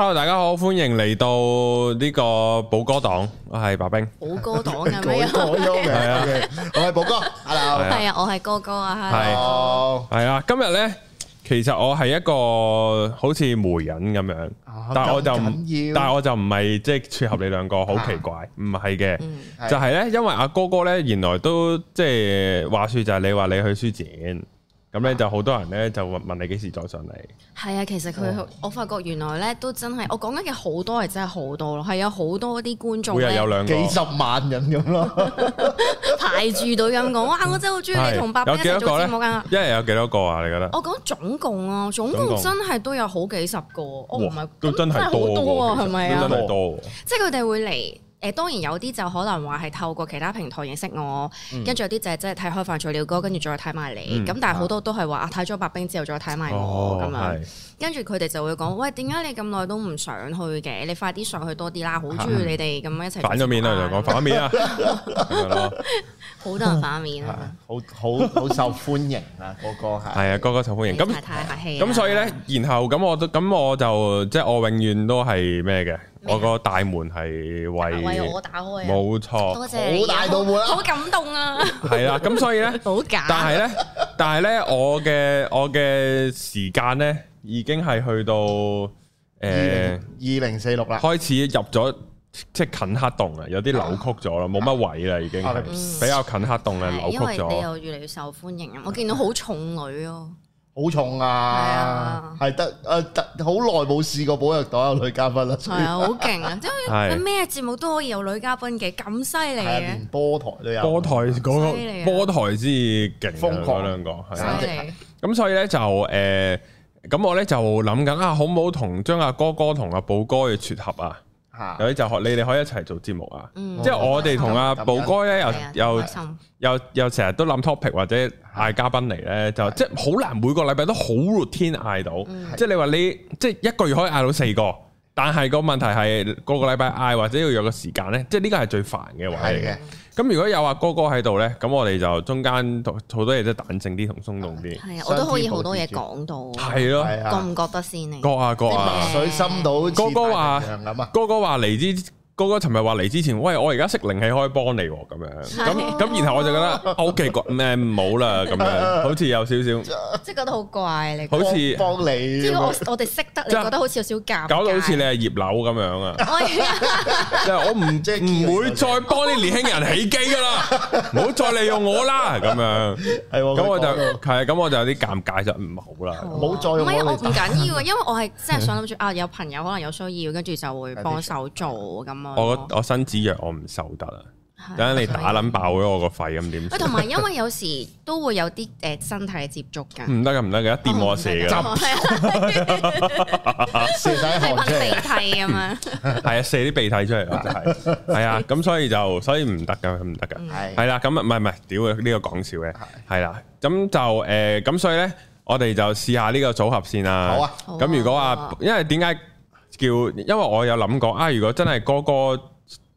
hello，大家好，歡迎嚟到呢個寶藥黨，我係白兵。寶藥黨嘅咩？係啊，我係寶哥，哥。Hello，係啊，我係哥哥啊。係，係啊，今日咧，其實我係一個好似媒人咁樣，oh, 但我就唔但係我就唔係即係撮合你兩個，好奇怪，唔係嘅，嗯、就係咧，的因為阿哥哥咧，原來都即係話說就係你話你去書展。咁咧就好多人咧就問問你幾時再上嚟？係啊，其實佢我發覺原來咧都真係我講緊嘅好多係真係好多咯，係有好多啲觀眾，每日有兩幾十萬人咁咯， 排住隊咁講，哇！我真係好中意你同白兵一齊。有幾多個一日有幾多個啊？你覺得？我講總共啊，總共真係都有好幾十個，哦哇，唔係都真係好多啊，係咪啊？真係多、啊。哦、即係佢哋會嚟。誒，當然有啲就可能話係透過其他平台認識我，跟住有啲就係即係睇《開飯菜料哥》，跟住再睇埋你。咁但係好多都係話啊，睇咗白兵之後再睇埋我咁樣，跟住佢哋就會講：喂，點解你咁耐都唔想去嘅？你快啲上去多啲啦！好中意你哋咁一齊。反咗面啦，就講反面啦，好多人反面，好好好受歡迎啊！歌歌係係啊，歌歌受歡迎，咁咁所以咧，然後咁我咁我就即係我永遠都係咩嘅？我個大門係為我打開冇錯。多謝。好大度門啦，好感動啊！係啦，咁所以咧，好假。但係咧，但係咧，我嘅我嘅時間咧已經係去到誒二零四六啦，開始入咗即係近黑洞啊，有啲扭曲咗咯，冇乜位啦，已經比較近黑洞，咧扭曲咗。因為你又越嚟越受歡迎啊！我見到好重女哦。好重啊！係得、啊，誒，好耐冇試過寶藥黨有女嘉賓啦，係啊，好勁啊！即係咩節目都可以有女嘉賓嘅，咁犀利嘅，啊、波台都有，波台嗰、那個、啊、波台至勁，瘋狂兩個，咁、啊、害所以咧就誒，咁、呃、我咧就諗緊啊，好唔好同張歌歌同阿寶哥嘅撮合啊？有啲就學你哋可以一齊做節目啊，即係、嗯、我哋同阿寶哥咧、嗯、又、嗯嗯、又的又又成日都諗 topic 或者嗌嘉賓嚟咧，就即係好難每個禮拜都好 r 天嗌到，的即係你話你即係一個月可以嗌到四個，但係個問題係個個禮拜嗌或者要有個時間咧，即係呢個係最煩嘅話嚟嘅。的咁如果有阿哥哥喺度咧，咁我哋就中間好多嘢都彈性啲同鬆動啲。係啊，啊，我都可以好多嘢講到。係咯，啊，覺唔覺得先？覺啊，覺啊！啊水深到哥哥話，啊，哥哥話嚟啲。哥哥尋日話嚟之前，喂，我而家識靈氣，可以幫你喎，咁樣，咁咁，然後我就覺得，OK，個咩冇啦，咁樣，好似有少少，即覺得好怪你，好似幫你，即我我哋識得，你覺得好似有少少尷尬，搞到好似你係葉柳咁樣啊！我唔即唔會再幫啲年輕人起機㗎啦，唔好再利用我啦，咁樣，係我，咁我就係，咁我就有啲尷尬，就唔好啦，唔好再用，唔係我唔緊要，因為我係真係想諗住啊，有朋友可能有需要，跟住就會幫手做咁。我我身子弱，我唔受得啊！等下你打捻爆咗我個肺咁點？喂，同埋因為有時都會有啲誒身體接觸噶。唔得噶，唔得噶，一掂我射噶。係啊，射啲鼻涕啊嘛。係啊，射啲鼻涕出嚟啊！係啊，咁所以就所以唔得噶，唔得噶。係係啦，咁啊，唔係唔係，屌嘅呢個講笑嘅。係係啦，咁就誒，咁所以咧，我哋就試下呢個組合先啦。好啊。咁如果啊，因為點解？叫，因為我有諗過啊，如果真係哥哥，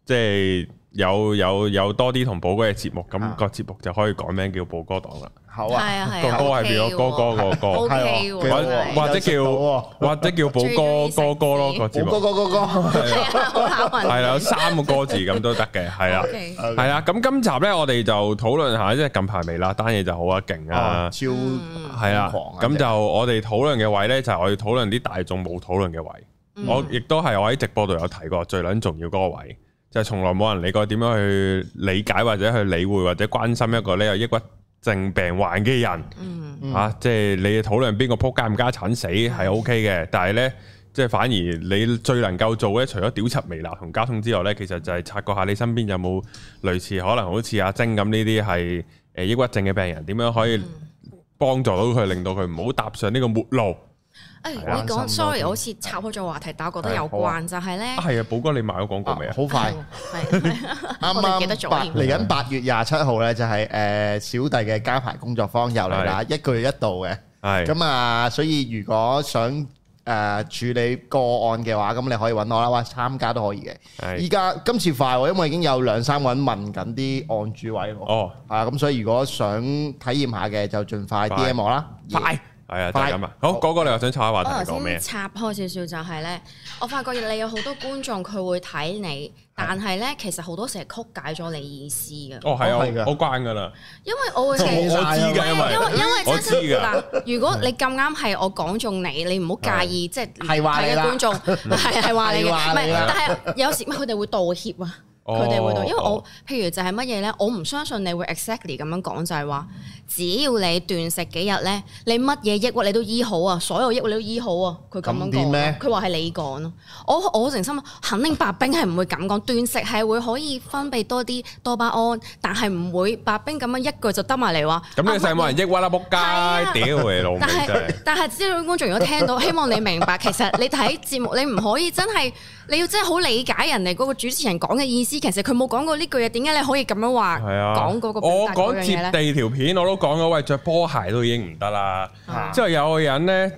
即係有有有多啲同寶哥嘅節目，咁個節目就可以改名叫寶哥黨啦。好啊，個歌係變咗哥哥個歌，或者叫或者叫寶哥哥哥咯個節目。哥哥哥哥，係啊，好巧啊，係啦，有三個歌字咁都得嘅，係啦，係啦。咁今集咧，我哋就討論下即係近排微辣單嘢，就好啊勁啊，超係啦。咁就我哋討論嘅位咧，就係我要討論啲大眾冇討論嘅位。我亦都係，我喺直播度有提過，最撚重要嗰個位，就係從來冇人理過點樣去理解或者去理會或者關心一個呢有抑鬱症病患嘅人，嚇，即係你討論邊個撲街唔加慘死係 OK 嘅，但係咧，即係反而你最能夠做咧，除咗屌柒、微辣同加通之外咧，其實就係察覺下你身邊有冇類似可能好似阿晶咁呢啲係誒抑鬱症嘅病人，點樣可以幫助到佢，令到佢唔好踏上呢個末路。誒，你講 sorry，好似插開咗話題，但係我覺得有關就係咧，係啊，寶哥，你賣咗廣告未啊？好快，啱啱八，嚟緊八月廿七號咧，就係誒小弟嘅家排工作坊又嚟啦，一個月一度嘅，係咁啊，所以如果想誒處理個案嘅話，咁你可以揾我啦，或者參加都可以嘅。依家今次快，因為我已經有兩三個人問緊啲案主位，哦，係啊，咁所以如果想體驗下嘅，就盡快 DM 我啦，快！係啊，就係咁啊！好，嗰個你又想插下話題咩？插開少少就係咧，我發覺你有好多觀眾佢會睇你，但係咧其實好多成日曲解咗你意思嘅。哦，係啊，好慣噶啦。因為我會，我知噶，因為因為真係嗱，如果你咁啱係我講中你，你唔好介意，即係睇嘅觀眾，係係話你嘅，唔係。但係有時乜佢哋會道歉啊？佢哋會，因為我譬如就係乜嘢咧，我唔相信你會 exactly 咁樣講，就係、是、話只要你斷食幾日咧，你乜嘢抑鬱你都醫好啊，所有抑鬱你都醫好啊。佢咁樣講咩？佢話係你講咯。我我成心肯定白兵係唔會咁講，斷食係會可以分泌多啲多巴胺，但係唔會白兵咁樣一句就噏埋嚟話。咁你世冇人抑鬱啦仆街，屌你老母是！ 但係但係知道觀眾如果聽到，希望你明白，其實你睇節目，你唔可以真係你要真係好理解人哋嗰個主持人講嘅意思。其實佢冇講過呢句嘢，點解你可以咁樣話？係啊，講個我講接地條片我都講咗，喂，着波鞋都已經唔得啦。之後有個人咧，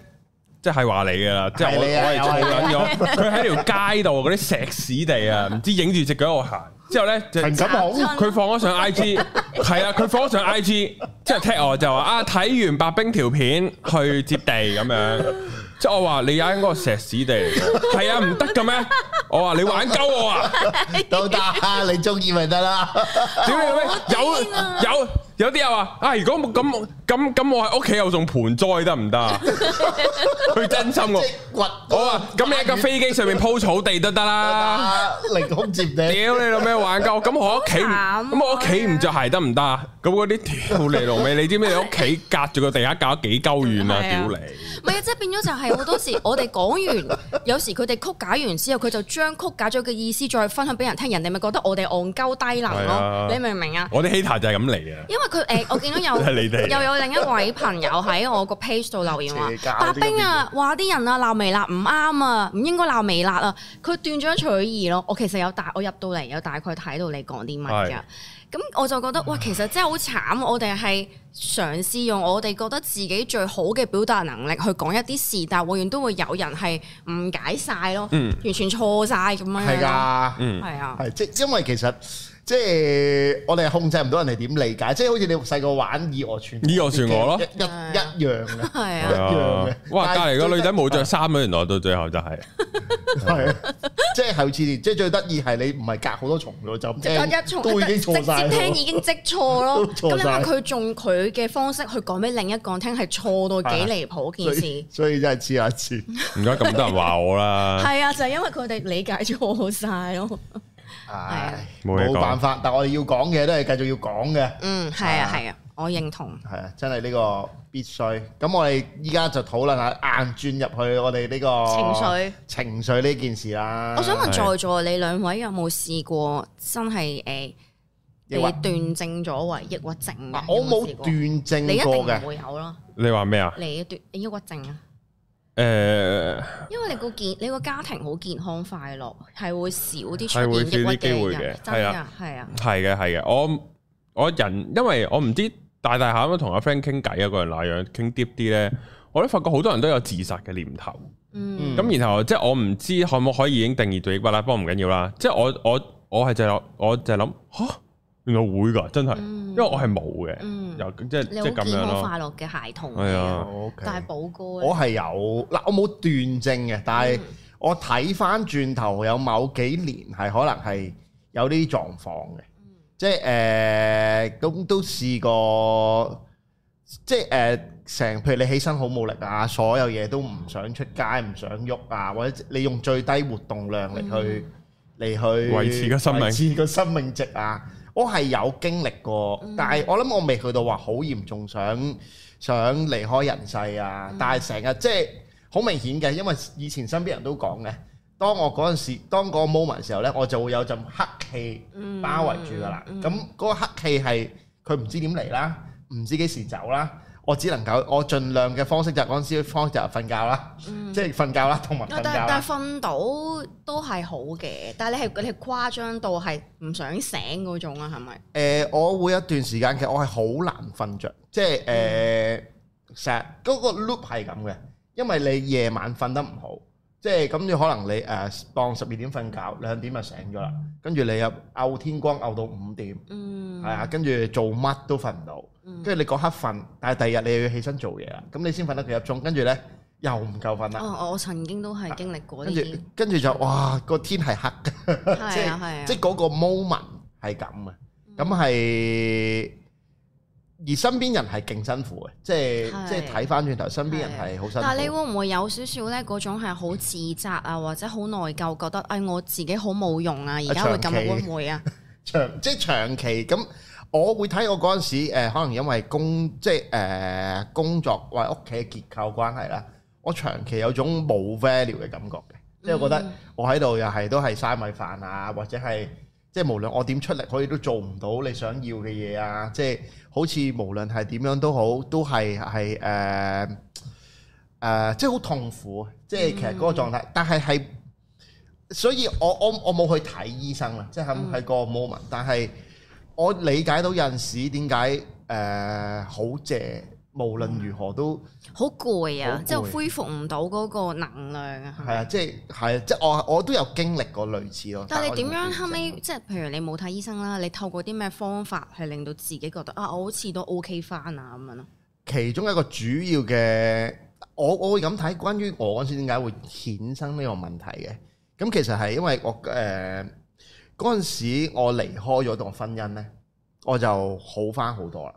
即係話你噶啦，即係我係做緊咗。佢喺條街度嗰啲石屎地啊，唔知影住隻腳喺度行。之後咧就咁佢放咗上 IG，係啊， 佢放咗上 IG，即係踢我就話啊，睇完白兵條片去接地咁樣。即我話你玩嗰個石屎地嚟嘅，係啊，唔得嘅咩？我話你玩鳩我啊， 都得！你中意咪得啦，點 樣咩？有有。有啲人話：啊，如果咁咁咁，我喺屋企又仲盆栽得唔得？佢真心喎。我話：咁你喺架飛機上面鋪草地都得啦？零空接你屌你老咩玩鳩？咁我屋企唔咁我屋企唔著鞋得唔得？咁嗰啲條泥路尾，你知咩？你屋企隔住個地下搞幾鳩遠啊？屌你！唔係啊，即係變咗就係好多時我哋講完，有時佢哋曲解完之後，佢就將曲解咗嘅意思再分享俾人聽，人哋咪覺得我哋戇鳩低能咯。你明唔明啊？我啲希特就係咁嚟嘅，因為。佢、欸、我見到有 們又有另一位朋友喺我個 page 度留言話：白兵啊，哇！啲人啊鬧微辣唔啱啊，唔應該鬧微辣啊。佢斷章取義咯。我其實有大，我入到嚟有大概睇到你講啲乜嘅。咁的我就覺得哇，其實真係好慘。我哋係嘗試用我哋覺得自己最好嘅表達能力去講一啲事，但係永遠都會有人係誤解晒咯，完全錯晒咁、嗯、樣。係㗎的，的嗯，係啊的，係即因為其實。即係我哋控制唔到人哋點理解，即係好似你細個玩以訛傳以訛傳訛咯，一一樣嘅，係啊，一樣嘅。哇！隔籬個女仔冇着衫嘅，原來到最後就係，係即係後似，即係最得意係你唔係隔好多重咯，就一重都已經直接，聽已經積錯咯。咁你話佢用佢嘅方式去講俾另一個聽，係錯到幾離譜件事。所以真係黐下黐，唔該咁多人話我啦，係啊，就係因為佢哋理解錯晒咯。係冇唉辦法，但我哋要講嘅都係繼續要講嘅。嗯，係啊，係啊，啊，我認同。係啊，真係呢個必須。咁我哋依家就討論下硬轉入去我哋呢個情緒情緒呢件事啦。我想問在座、啊、你兩位有冇試過真係誒，你斷症咗為抑鬱症、啊？我冇斷症，你一定唔會有咯。你話咩啊？你斷抑鬱症啊？誒，因為你個健，你個家庭好健康快樂，係會少啲出現啲機會嘅，係啊，係啊，係嘅，係嘅，我我人，因為我唔知大大下咁同阿 friend 傾偈啊，個人那樣傾 d 啲咧，我都發覺好多人都有自殺嘅念頭，嗯，咁然後即係我唔知可唔可以已經定義做抑鬱啦，不過唔緊要啦，即係我我我係就我就諗、是、吓。原來會噶，真係，嗯、因為我係冇嘅，又、嗯、即係即係咁樣咯。你健康快樂嘅孩童，係啊，哎、呀但係寶哥我，我係有嗱，我冇斷症嘅，但係我睇翻轉頭有某幾年係可能係有啲狀況嘅，即係誒咁都試過，即係誒成，譬如你起身好冇力啊，所有嘢都唔想出街，唔想喐啊，或者你用最低活動量力去嚟、嗯、去維持個生命，個生命值啊。 我係有經歷過，嗯、但係我諗我未去到話好嚴重，想想離開人世啊！嗯、但係成日即係好明顯嘅，因為以前身邊人都講嘅，當我嗰陣時，當嗰個 moment 時，時候呢，我就會有陣黑氣包圍住㗎喇。咁嗰、嗯嗯、個黑氣係佢唔知點嚟啦，唔、嗯、知幾時走啦。我只能夠，我盡量嘅方式就嗰陣時方式就瞓覺啦，即係瞓覺啦，同埋瞓但但瞓到都係好嘅，但係你係你係誇張到係唔想醒嗰種啊，係咪？誒、呃，我會一段時間其實我係好難瞓着，即係誒成日嗰個 loop 係咁嘅，因為你夜晚瞓得唔好。即係咁，你可能你誒當十二點瞓覺，兩點就醒咗啦。跟住、嗯、你又嘔天光嘔到五點，嗯，係啊。跟住做乜都瞓唔到，跟住、嗯、你嗰刻瞓，但係第二日你又要起身做嘢啦。咁你先瞓得幾粒鐘，跟住咧又唔夠瞓啦。哦，我曾經都係經歷過啲。跟住跟住就哇，天個天係黑㗎，即係即係嗰個 moment 係咁啊，咁係。而身邊人係勁辛苦嘅，即係的即係睇翻轉頭，身邊人係好辛苦。但係你會唔會有少少咧嗰種係好自責啊，的或者好內疚，覺得誒、哎、我自己好冇用啊？而家期會咁會唔會啊？長即係長期咁，我會睇我嗰陣時、呃、可能因為工即係誒、呃、工作或屋企嘅結構關係啦，我長期有種冇 value 嘅感覺嘅，即係、嗯、覺得我喺度又係都係嘥米飯啊，或者係即係無論我點出力，可以都做唔到你想要嘅嘢啊，即係。即好似無論係點樣都好，都係係誒誒，即係好痛苦，即係其實嗰個狀態。但係係，所以我我我冇去睇醫生啦，即係喺喺個 moment。但係我理解到有陣時點解誒好謝。呃無論如何都好攰啊、嗯，累啊即係恢復唔到嗰個能量啊。係啊、嗯，即係係即係我我都有經歷過類似咯。但係你點樣後尾即係譬如你冇睇醫生啦，你透過啲咩方法係令到自己覺得啊，我好似都 OK 翻啊咁樣咯。其中一個主要嘅，我我會咁睇關於我嗰時點解會衍生呢個問題嘅。咁其實係因為我誒嗰陣時我離開咗段婚姻呢，我就好翻好多啦。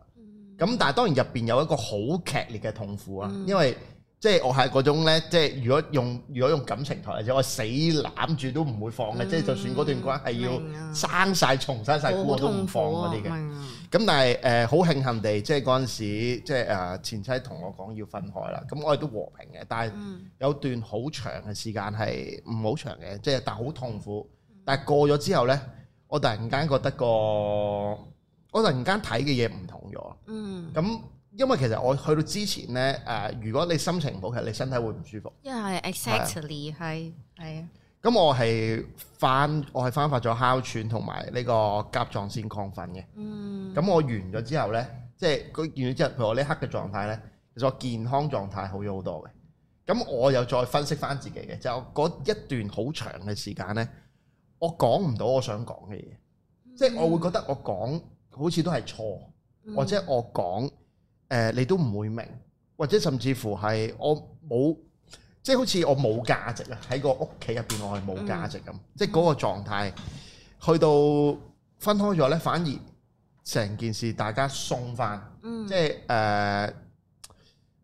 咁但係當然入邊有一個好劇烈嘅痛苦啊，嗯、因為即係、就是、我係嗰種咧，即、就、係、是、如果用如果用感情台，或者我死攬住都唔會放嘅，即係、嗯、就算嗰段關係要生晒蟲、嗯、生晒菇、啊、我都唔放嗰啲嘅。咁、嗯、但係誒好慶幸地，即係嗰陣時即係誒前妻同我講要分開啦。咁我哋都和平嘅，但係有段好長嘅時間係唔好長嘅，即係但係好痛苦。但係過咗之後呢，我突然間覺得個。我突然間睇嘅嘢唔同咗，嗯，咁因為其實我去到之前呢，誒、呃，如果你心情唔好，其實你身體會唔舒服，因為 Yeah , exactly 係係啊，咁我係翻我係翻發咗哮喘同埋呢個甲狀腺亢奮嘅，嗯，咁我完咗之後呢，即係完咗之後，譬如我呢刻嘅狀態呢，其實我健康狀態好咗好多嘅，咁我又再分析翻自己嘅，就一段好長嘅時間呢，我講唔到我想講嘅嘢，即係我會覺得我講。嗯好似都係錯，或者我講誒、呃，你都唔會明，或者甚至乎係我冇，即係好似我冇價值啦，喺個屋企入邊，我係冇價值咁，即係嗰個狀態去到分開咗呢，反而成件事大家送翻，即係誒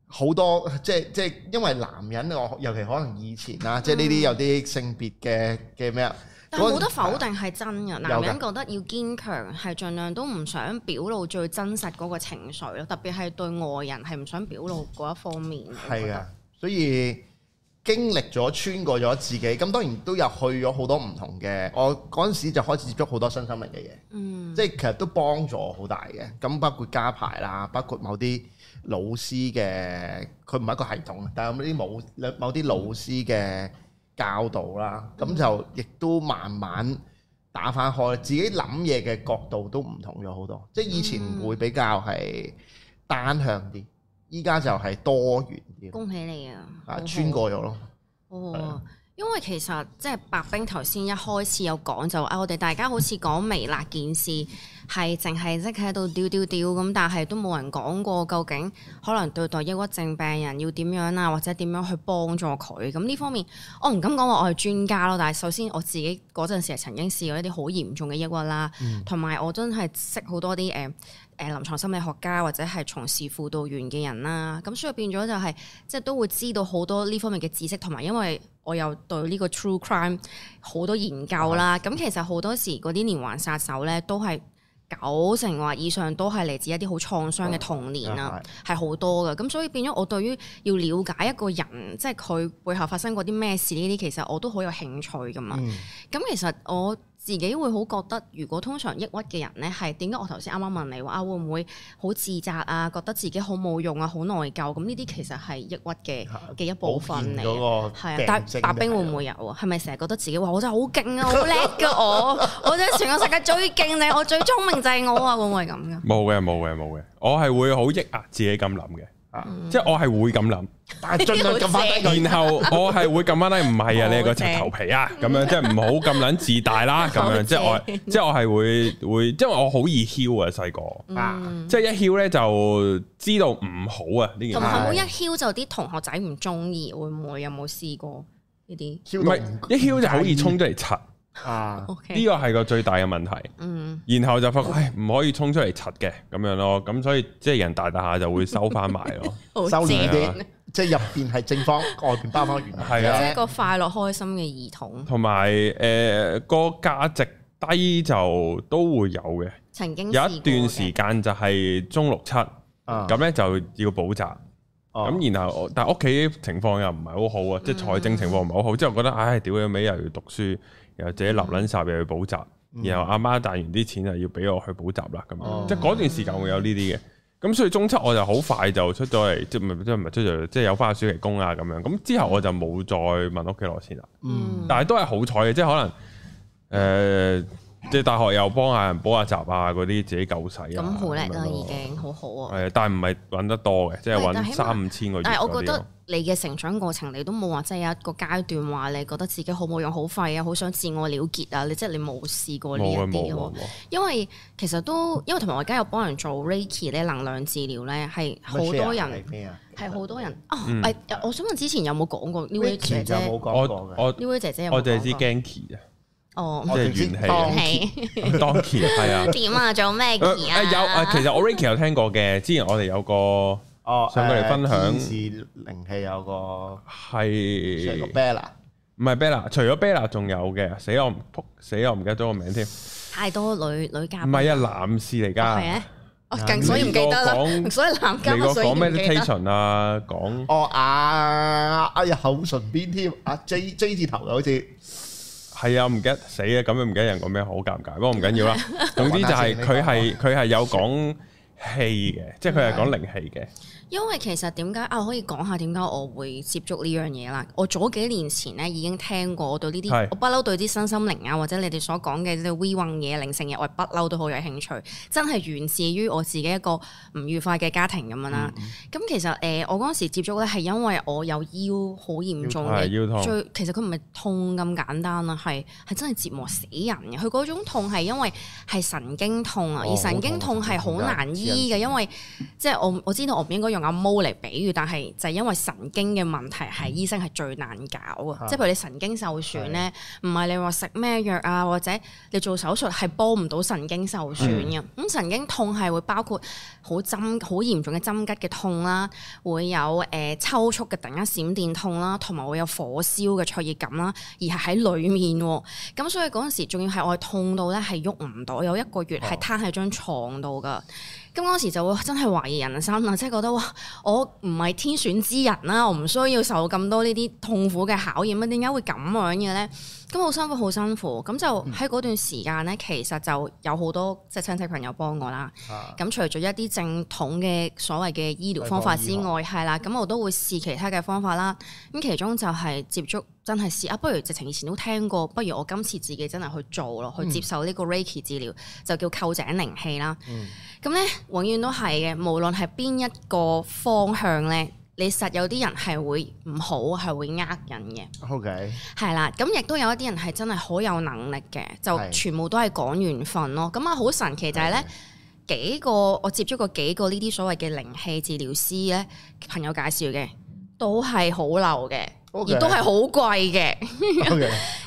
好多，即係即係因為男人我尤其可能以前啦，即係呢啲有啲性別嘅嘅咩啊？但冇得否定係真嘅，的男人覺得要堅強，係盡量都唔想表露最真實嗰個情緒咯，特別係對外人係唔想表露嗰一方面。係啊、嗯，所以經歷咗、穿過咗自己，咁當然都有去咗好多唔同嘅。我嗰陣時就開始接觸好多新生命嘅嘢，嗯，即係其實都幫助好大嘅。咁包括家排啦，包括某啲老師嘅，佢唔係一個系統啊，但係有啲冇，某啲老師嘅。嗯教導啦，咁就亦都慢慢打翻開，自己諗嘢嘅角度都唔同咗好多。即係以前會比較係單向啲，依家就係多元啲。恭喜你啊！好好好好啊，穿過咗咯。哦，因為其實即係白兵頭先一開始有講就啊，我哋大家好似講微辣件事。係淨係即係喺度屌屌屌咁，但係都冇人講過究竟可能對待抑鬱症病人要點樣啊，或者點樣去幫助佢咁呢方面，我唔敢講話我係專家咯。但係首先我自己嗰陣時曾經試過一啲好嚴重嘅抑鬱啦，同埋、嗯、我真係識好多啲誒誒臨床心理學家或者係從事輔導員嘅人啦。咁所以變咗就係、是、即係都會知道好多呢方面嘅知識，同埋因為我有對呢個 true crime 好多研究啦。咁、嗯、其實好多時嗰啲連環殺手咧都係。九成話以上都係嚟自一啲好創傷嘅童年啊，係好、哦、多㗎，咁所以變咗我對於要了解一個人，即係佢背後發生過啲咩事呢啲，其實我都好有興趣㗎嘛。咁、嗯、其實我，自己會好覺得，如果通常抑鬱嘅人呢，係點解我頭先啱啱問你話啊，會唔會好自責啊？覺得自己好冇用啊，好內疚咁呢啲其實係抑鬱嘅嘅一部分嚟。嗰個係啊，但白兵會唔會有啊？係咪成日覺得自己話我真係好勁啊，好叻㗎、啊、我，我真係全個世界最勁你、啊，我最聰明就係我啊？會唔會咁噶？冇嘅， 冇嘅，冇嘅，我係會好抑壓自己咁諗嘅。即係我係會咁諗，但係盡量撳返低。然後我係會撳返低。唔係啊，你個賊頭皮啊，咁樣即係唔好咁捻自大啦，咁樣即係我即係我係會會，因為我好易囂啊，細個即係一囂咧就知道唔好啊，呢件事同埋一囂就啲同學仔唔中意，會唔會有冇試過呢啲？唔係一囂就好易衝出嚟拆。啊，呢個係個最大嘅問題。嗯，然後就發覺唔可以衝出嚟柒嘅咁樣咯，咁所以即係人大大下就會收翻埋咯，收斂啲。即係入邊係正方，外邊包翻圓。係啊，一個快樂開心嘅兒童。同埋誒，個價值低就都會有嘅。曾經有一段時間就係中六七，咁咧就要補習。咁然後但係屋企情況又唔係好好啊，即係財政情況唔係好好，之後覺得唉，屌嘅尾又要讀書。又自己立撚曬，又去補習，然後阿媽賺完啲錢就要俾我去補習啦，咁、嗯、即係嗰段時間會有呢啲嘅。咁所以中七我就好快就出咗嚟，即係唔係即係唔係出咗，即係有翻暑期工啊咁樣。咁之後我就冇再問屋企攞錢啦。嗯、但係都係好彩嘅，即係可能誒。呃即係大學又幫下人補下習啊，嗰啲自己夠使，咁好叻啦，已經好好啊。係，但係唔係揾得多嘅，即係揾三五千個。但係我覺得你嘅成長過程，你都冇話即係一個階段話你覺得自己好冇用、好廢啊、好想自我了結啊。你即係你冇試過呢一啲喎。冇冇冇。因為其實都因為同埋我而家有幫人做 Reiki 咧能量治療咧，係好多人係好多人。哦，我想問之前有冇講過呢位姐姐？我我呢位姐姐有冇講我淨係我知。哦，即係元氣，當期係啊？點啊？仲有咩嘢啊？有啊，其實我 Ricky 有聽過嘅。之前我哋有個哦，想過嚟分享是靈氣有個係，除咗 Bella，唔係 Bella，除咗 Bella 仲有嘅，死我，死我唔記得咗個名添。太多女女嘉賓，唔係啊，男士嚟噶。係啊，我近所以唔記得啦。所以男嘉賓，你個講咩啲 tension 啊？講哦啊，哎呀，口唇邊添啊，J J 字頭嘅好似。係啊，唔記得死啊，咁樣唔記得人講咩，好尷尬。不過唔緊要啦，總之就係佢係佢係有講氣嘅，即係佢係講靈氣嘅。因為其實點解啊？我可以講下點解我會接觸呢樣嘢啦？我早幾年前咧已經聽過我對，我對呢啲我不嬲對啲身心靈啊，或者你哋所講嘅啲 w e 嘢、靈性嘢，我係不嬲都好有興趣。真係源自於我自己一個唔愉快嘅家庭咁樣啦。咁、嗯嗯、其實誒，我嗰陣時接觸咧係因為我有腰好嚴重嘅、嗯、腰痛，最其實佢唔係痛咁簡單啊，係係真係折磨死人嘅。佢嗰種痛係因為係神經痛啊，而神經痛係好難醫嘅，因為即係我我知道我唔應該用阿毛嚟比喻，但係就係因為神經嘅問題係醫生係最難搞啊！即係、嗯、譬如你神經受損咧，唔係是你話食咩藥啊，或者你做手術係幫唔到神經受損嘅。咁、嗯、神經痛係會包括好針好嚴重嘅針吉嘅痛啦，會有誒、呃、抽搐嘅突然間閃電痛啦，同埋會有火燒嘅灼熱感啦，而係喺裏面。咁所以嗰陣時仲要係我痛到咧係喐唔到，有一個月係攤喺張床度噶。嗯咁嗰時就會真係懷疑人生啦，即係覺得哇，我唔係天選之人啦，我唔需要受咁多呢啲痛苦嘅考驗啊，點解會咁樣嘅咧？咁好辛苦，好辛苦。咁就喺嗰段時間咧，嗯、其實就有好多即係親戚朋友幫我啦。咁、啊、除咗一啲正統嘅所謂嘅醫療方法之外，係啦，咁我都會試其他嘅方法啦。咁其中就係接觸真係試啊，不如直情以前都聽過，不如我今次自己真係去做咯，嗯、去接受呢個 Reiki 治療，就叫臼井靈氣啦。咁咧、嗯，永遠都係嘅，無論係邊一個方向咧。你實有啲人係會唔好，係會呃人嘅。OK，係啦，咁亦都有一啲人係真係好有能力嘅，就全部都係講緣分咯。咁啊，好神奇就係咧 Okay. 幾個我接觸過幾個呢啲所謂嘅靈氣治療師咧，朋友介紹嘅，都係好流嘅。亦 Okay. 都係好貴嘅，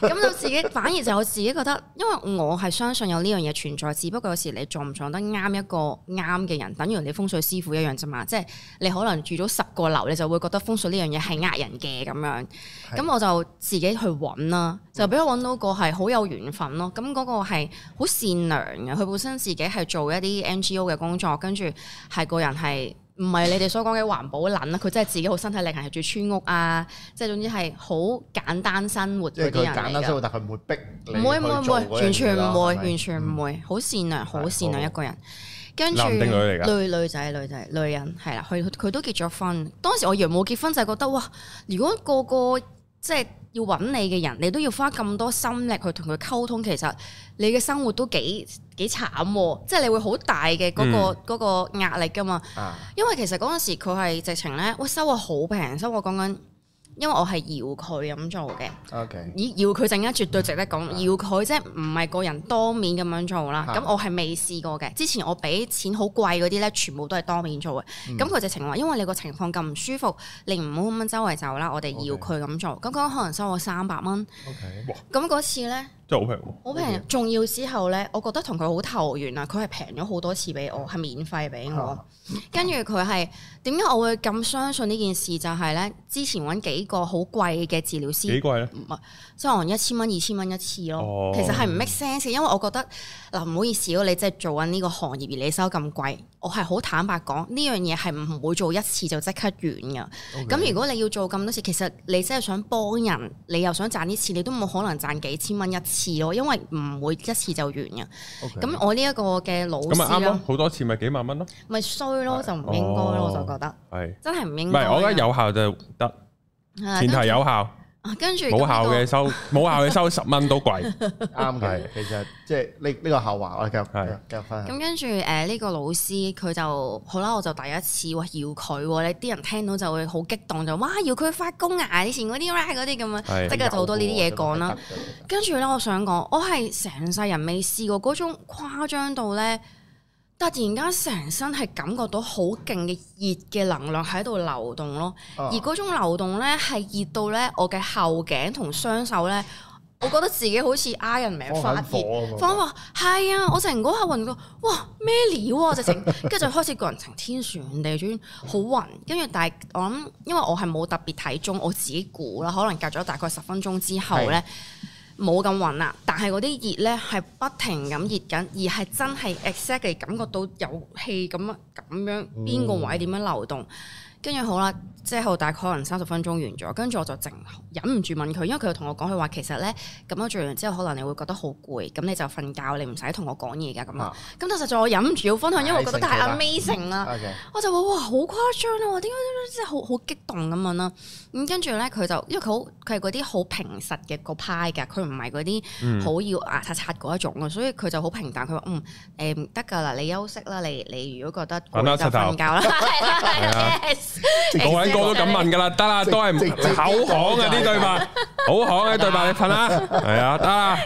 咁我自己反而就我自己覺得，因為我係相信有呢樣嘢存在，只不過有時你撞唔撞得啱一個啱嘅人，等於你風水師傅一樣啫嘛。即係你可能住咗十個樓，你就會覺得風水呢樣嘢係呃人嘅咁樣。咁我就自己去揾啦，就俾我揾到個係好有緣分咯。咁嗰個係好善良嘅，佢本身自己係做一啲 NGO 嘅工作，跟住係個人係。唔係你哋所講嘅環保撚啦，佢真係自己好身體力行，係住村屋啊，即係總之係好簡單生活嘅人，即係佢簡單生活，但佢唔會逼。唔會唔會唔會，會完全唔會，吧完全唔會，好、嗯、善良，好善良一個人。對，跟住著男定女嚟㗎？女女仔女仔女，女人係啦，佢佢都結咗婚。當時我楊冇結婚就覺得哇，如果個個即係要揾你嘅人，你都要花咁多心力去同佢溝通，其實你嘅生活都幾～幾慘，即係你會好大嘅嗰、嗰個嗰、嗯、壓力噶嘛？啊、因為其實嗰陣時佢係直情咧，我收我好平，收我講緊，因為我係搖佢咁做嘅。O K，咦，搖佢陣間，絕對值得講。啊、搖佢即係唔係個人當面咁樣做啦？咁、啊、我係未試過嘅。之前我俾錢好貴嗰啲咧，全部都係當面做嘅。咁佢、啊、直情話，因為你個情況咁唔舒服，你唔好咁樣周圍走啦。我哋搖佢咁做，咁嗰陣 okay, 可能收我三百蚊。O K，哇！咁嗰次咧。即係好平喎！好平，仲要之後呢，我覺得同佢好投緣啊！佢係平咗好多次俾我，係、哦、免費俾我。哦、跟住佢係點解我會咁相信呢件事就呢？就係呢之前揾幾個好貴嘅治療師，幾貴咧？唔係即係可能一千蚊、二千蚊一次咯。哦、其實係唔 make sense，因為我覺得。嗱唔好意思，你真係做緊呢個行業而你收咁貴，我係好坦白講，呢樣嘢係唔會做一次就即刻完嘅。咁 Okay. 如果你要做咁多次，其實你真係想幫人，你又想賺啲錢，你都冇可能賺幾千蚊一次咯，因為唔會一次就完嘅。咁 Okay. 我呢一個嘅老師咪啱咯，好多次咪幾萬蚊咯，咪衰咯就唔應該咯，oh, 我就覺得係 is. 真係唔應該。唔係，我覺得有效就係得，前提有效。啊跟住冇效嘅收，冇效嘅收十蚊都貴、 嗯，啱嘅。其實即係呢呢個校話，我係繼續返。咁是跟住誒呢個老師佢就好啦，我就第一次喎要佢咧、哦，啲人聽到就會好激動，就哇要佢發功啊！以前嗰啲嗰啲咁啊，即係好多呢啲嘢講啦。跟住咧，我想講，我係成世人未試過嗰種誇張到咧。突然間成身係感覺到好勁嘅熱嘅能量喺度流動咯，而嗰種流動咧係熱到咧我嘅後頸同雙手咧，我覺得自己好似 Iron Man 發熱，發火、啊、火，係啊！我成個下暈到，哇咩料啊，直情，跟住就 開始個人晴天旋地轉，好暈。跟住但係我諗，因為我係冇特別睇鐘，我自己估啦，可能隔咗大概十分鐘之後咧。冇咁暈啦，但係嗰啲熱呢係不停咁熱緊，而係真係 exactly 感覺到有氣咁啊咁樣，邊個位點樣流動？嗯。跟住好啦，即係後，大概可能三十分鐘完咗，跟住我就靜忍唔住問佢，因為佢又同我講，佢話其實咧，咁樣做完之後，可能你會覺得好攰，咁你就瞓覺，你唔使同我講嘢噶。咁咁但係實在我忍唔住要分享，嗯、因為我覺得太 amazing 啦。啊嗯 okay. 我就話，哇，好誇張啊！點解真係好好激動咁樣啦？咁跟住咧，佢就因為佢好佢係嗰啲好平實嘅個派噶，佢唔係嗰啲好要牙擦擦嗰一種咯，嗯、所以佢就好平淡。佢話嗯誒，得噶啦，你休息啦，你你如果覺得攰就瞓覺啦。 Yes. 冇人個都咁問噶啦，得啦，都係口行嘅呢對白，口行嘅啲對白，你瞓啦，係啊，得啦、啊，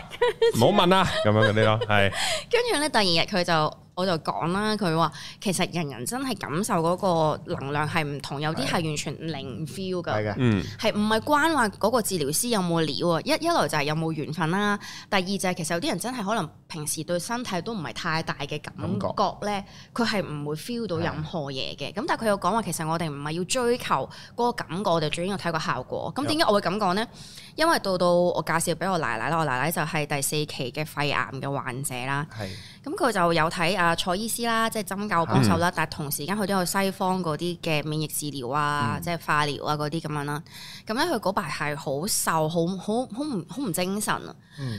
唔、啊、好問啦，咁樣嗰啲咯，係、嗯。跟住咧，第二、嗯、的日佢就，我就講啦，佢話其實人人真係感受嗰個能量係唔同，有啲係完全零 feel 噶，嗯，係唔係關話嗰個治療師有冇料啊？一，一來就係有冇緣分啦、啊，第二就係其實有啲人真係可能。平時對身體都唔係太大嘅感覺咧，佢係唔會 feel 到任何嘢嘅。咁的但係佢又講話，其實我哋唔係要追求嗰個感覺，我哋最緊要睇個效果。咁點解我會咁講咧？因為到到我介紹俾我奶奶啦，我奶奶就係第四期嘅肺癌嘅患者啦。係的。咁佢就有睇阿蔡醫師啦，即係針灸幫手啦。的但係同時間佢都去西方嗰啲嘅免疫治療啊，的嗯、即係化療啊嗰啲咁樣啦。咁咧佢嗰排係好瘦，好好好唔好唔精神啊，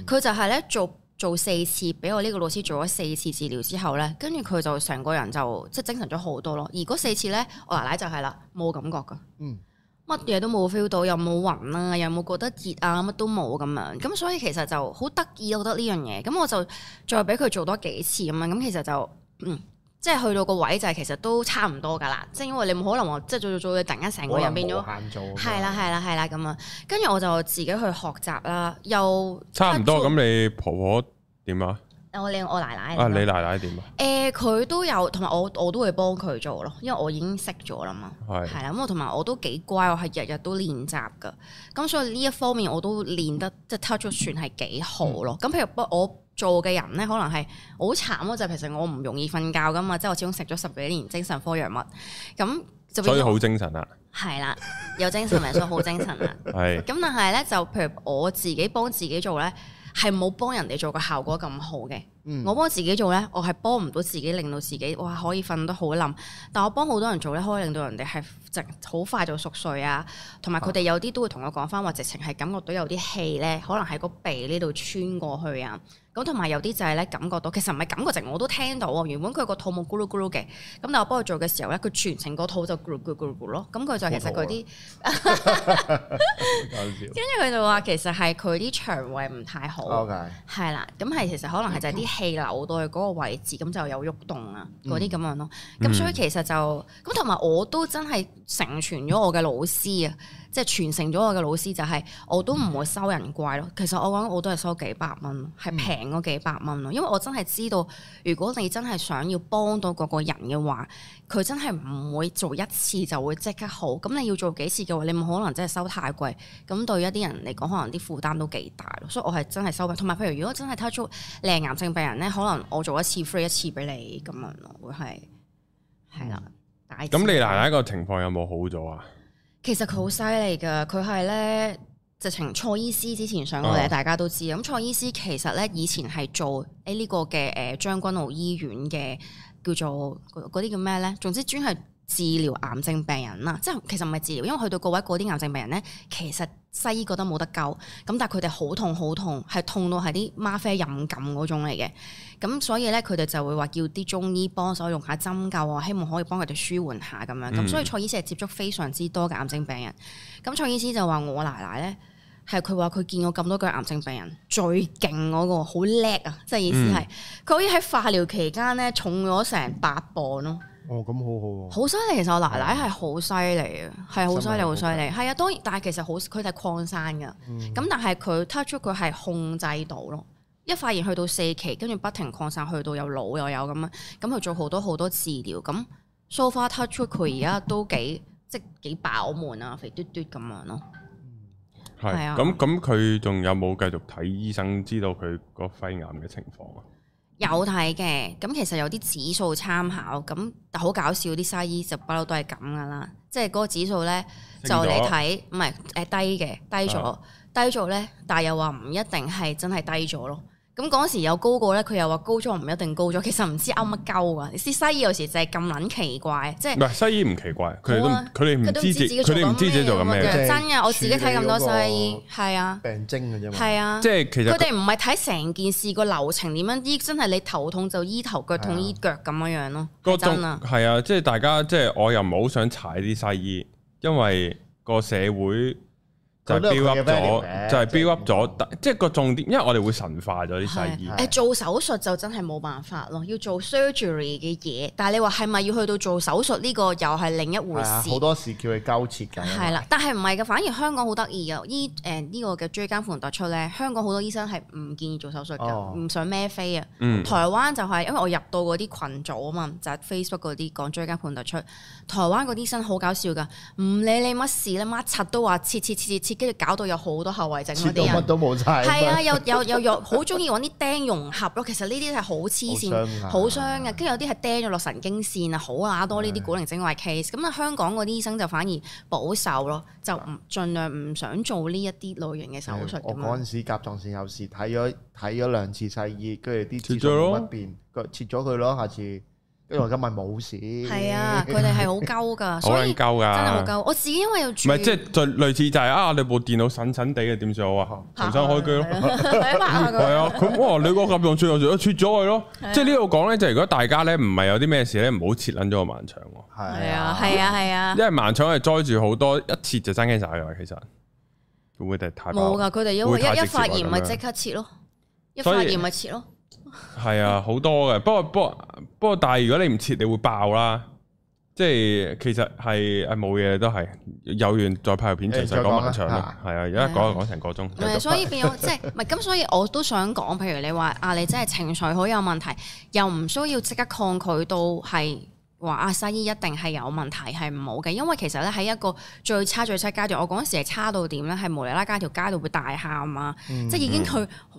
佢就係咧做。做四次，俾我呢個老師做咗四次治療之後呢，跟住佢就成個人就即係精神咗好多咯。而嗰四次呢，我奶奶就係啦，冇感覺噶，嗯，乜嘢都冇 feel 到，又冇暈啦，又冇覺得熱啊，乜都冇咁樣。咁所以其實就好得意，我覺得呢樣嘢。咁我就再俾佢做多幾次咁樣，咁其實就嗯。即係去到個位就係其實都差唔多噶啦，即係因為你冇可能話即係做做做嘢，突然間成個人變咗。做。係啦，係啦，係啦咁啊，跟住我就自己去學習啦，又差唔多。咁授你婆婆點啊？我令我奶奶啊。啊，你奶奶點啊？誒、呃，佢都有，同埋我我都會幫佢做咯，因為我已經識咗啦嘛。係的。係啦，咁我同埋我都幾乖，我係日日都練習噶，咁、嗯、所以呢一方面我都練得即係 touch 算係幾好咯。咁譬、嗯、如不我。做嘅人咧，可能係好慘咯，啊，就係、係、其實我唔容易瞓覺噶嘛，即、就、係、係、我始終食咗十幾年精神科藥物，咁就變咗，所以好精神啊，係啦，有精神，所以好精神啊，係 是。咁但係咧，就譬如我自己幫自己做咧，係冇幫人哋做嘅效果咁好嘅。我幫自己做呢，我係幫唔到自己，令到自己哇可以瞓得好冧。但我幫好多人做呢，可以令到人哋係直好快就熟睡啊。同埋佢哋有啲都會同我講返話，直情係感覺到有啲氣呢，可能喺個鼻呢度穿過去啊。咁同埋有啲就係呢感覺到，其實唔係感覺，直我都聽到。原本佢個肚冇咕嚕咕嚕嘅，咁但我幫佢做嘅時候呢，佢全程個肚就咕嚕咕嚕咕嚕咯。咁佢就其實佢啲，跟住佢就話其實係佢啲腸胃唔太好。係啦，咁係其實可能係就係啲。氣流到去嗰個位置，咁就有喐動啊，嗰啲咁樣咯。咁、嗯、所以其實就咁，同埋我都真係成全咗我嘅老師啊。即係傳承咗我嘅老師就係，我都唔會收人貴咯。嗯、其實我講我都係收幾百蚊，係平嗰幾百蚊咯。因為我真係知道，如果你真係想要幫到嗰個人嘅話，佢真係唔會做一次就會即刻好。咁你要做幾次嘅話，你唔可能真係收太貴。咁對一啲人嚟講，可能啲負擔都幾大。所以我係真係收，同埋譬如如果真係睇到靚癌症病人咧，可能我做一次 free 一次俾你咁樣咯，會係係啦。咁你奶奶個情況有冇好咗啊？其實佢好犀利㗎，佢係咧直情蔡醫師之前上過嚟，啊、大家都知。咁蔡醫師其實咧以前係做誒呢個嘅誒將軍澳醫院嘅叫做嗰啲叫咩咧？總之專係治療癌症病人啦，即係其實唔係治療，因為去到個位嗰啲癌症病人咧，其實西醫覺得冇得救，咁但係佢哋好痛好痛，係痛到係啲嗎啡引感嗰種嚟嘅，咁所以咧佢哋就會話叫啲中醫幫手用下針灸啊，希望可以幫佢哋舒緩下咁樣。咁、嗯、所以蔡醫師係接觸非常之多嘅癌症病人，咁蔡醫師就話：我奶奶咧係佢話佢見過咁多個癌症病人最勁嗰、嗰個，好叻啊！即係意思係佢、嗯、可以喺化療期間咧重咗成八磅咯。 哦，咁好好、啊、喎！好犀利，其實我奶奶係好犀利啊，係好犀利，好犀利，係啊。當然，但係其實好，佢哋擴散噶，咁、嗯、但係佢 touch 出佢係控制到咯。一發現去到四期，跟住不停擴散，去到有腦又有咁啊，咁佢做好多好多治療。咁 so far touch 出佢而家都幾即係幾飽滿啊，肥嘟嘟咁樣咯。係、嗯、 啊，咁咁佢仲有冇繼續睇醫生？知道佢個肺癌嘅情況啊？有睇嘅，咁其實有啲指數參考，咁但好搞笑啲西醫就不嬲都係咁噶啦，即係嗰個指數咧楚就你睇，唔係誒低嘅低咗，低咗咧、啊，但係又話唔一定係真係低咗咯。咁嗰時有高過咧，佢又話高咗唔一定高咗，其實唔知勾乜鳩噶。啲西醫有時就係咁撚奇怪，即係唔係西醫唔奇怪，佢都佢哋唔知自己，佢哋唔知自己做緊咩，真嘅。我自己睇咁多西醫，係啊，病徵嘅啫嘛，係啊，即係其實佢哋唔係睇成件事個流程點樣醫，真係你頭痛就醫頭，腳痛醫腳咁樣樣咯。嗰種啊，係啊，即係大家即係我又唔好想踩啲西醫，因為個社會。就 build up 咗，就係 build up 咗，即係個重點，因為我哋會神化咗啲細二。是是做手術就真係冇辦法咯，要做 surgery 嘅嘢。但係你話係咪要去到做手術呢、呢個又係另一回事。好多時叫佢交切緊。係啦，但係唔係嘅，反而香港好得意嘅醫誒呢、呃呢個嘅椎間盤突出咧，香港好多醫生係唔建議做手術嘅，唔、哦、想孭飛啊。嗯、台灣就係、係、因為我入到嗰啲群組啊嘛，就係、Facebook 嗰啲講椎間盤突出，台灣嗰啲醫生好搞笑噶，唔理你乜事啦，乜柒都話切切切切切。切切切切切。跟住搞到有好多後遺症嗰啲乜都冇晒，係啊，又又又又好中意揾啲釘融合咯。其實呢啲係好黐線、好傷嘅。跟住有啲係釘咗落神經線啊，好乸多呢啲古靈精怪 case。咁啊，香港嗰啲醫生就反而保守咯，就唔盡量唔想做呢一啲類型嘅手術。我嗰時甲狀腺有事，睇咗睇咗兩次細醫，跟住啲指數冇乜變，佢切咗佢咯，下次。因為今日冇事，係啊，佢哋係好鳩噶，好鳩噶，真係好鳩。我自己因為有住，唔係即係類類似就係啊，你部電腦蠢蠢地嘅點做啊？重新開機咯，喺埋佢，係啊。佢哇，你個夾用，最後除咗，除咗佢咯。即係呢度講咧，就如果大家咧唔係有啲咩事咧，唔好切撚咗個盲腸。係啊，係啊，係啊。因為盲腸係栽住好多，一切就生菌晒噶。其實會唔會太？冇噶，佢哋因為一一發炎咪即刻切咯，一發炎咪切咯。係啊，好多嘅，不過不過不過，但係如果你唔切，你會爆啦。即係其實係係冇嘢都係有緣再拍片，隨時講漫長啊。係啊，而家講又講成個鐘。唔係，所以變咗即係唔係咁，所以我都想講，譬如你話啊，你真係情緒好有問題，又唔需要即刻抗拒到係話阿西醫一定係有問題係唔好嘅，因為其實咧喺一個最差最差階段，我嗰陣時係差到點咧？係無啦啦喺條街度會大喊啊，嗯、即係已經去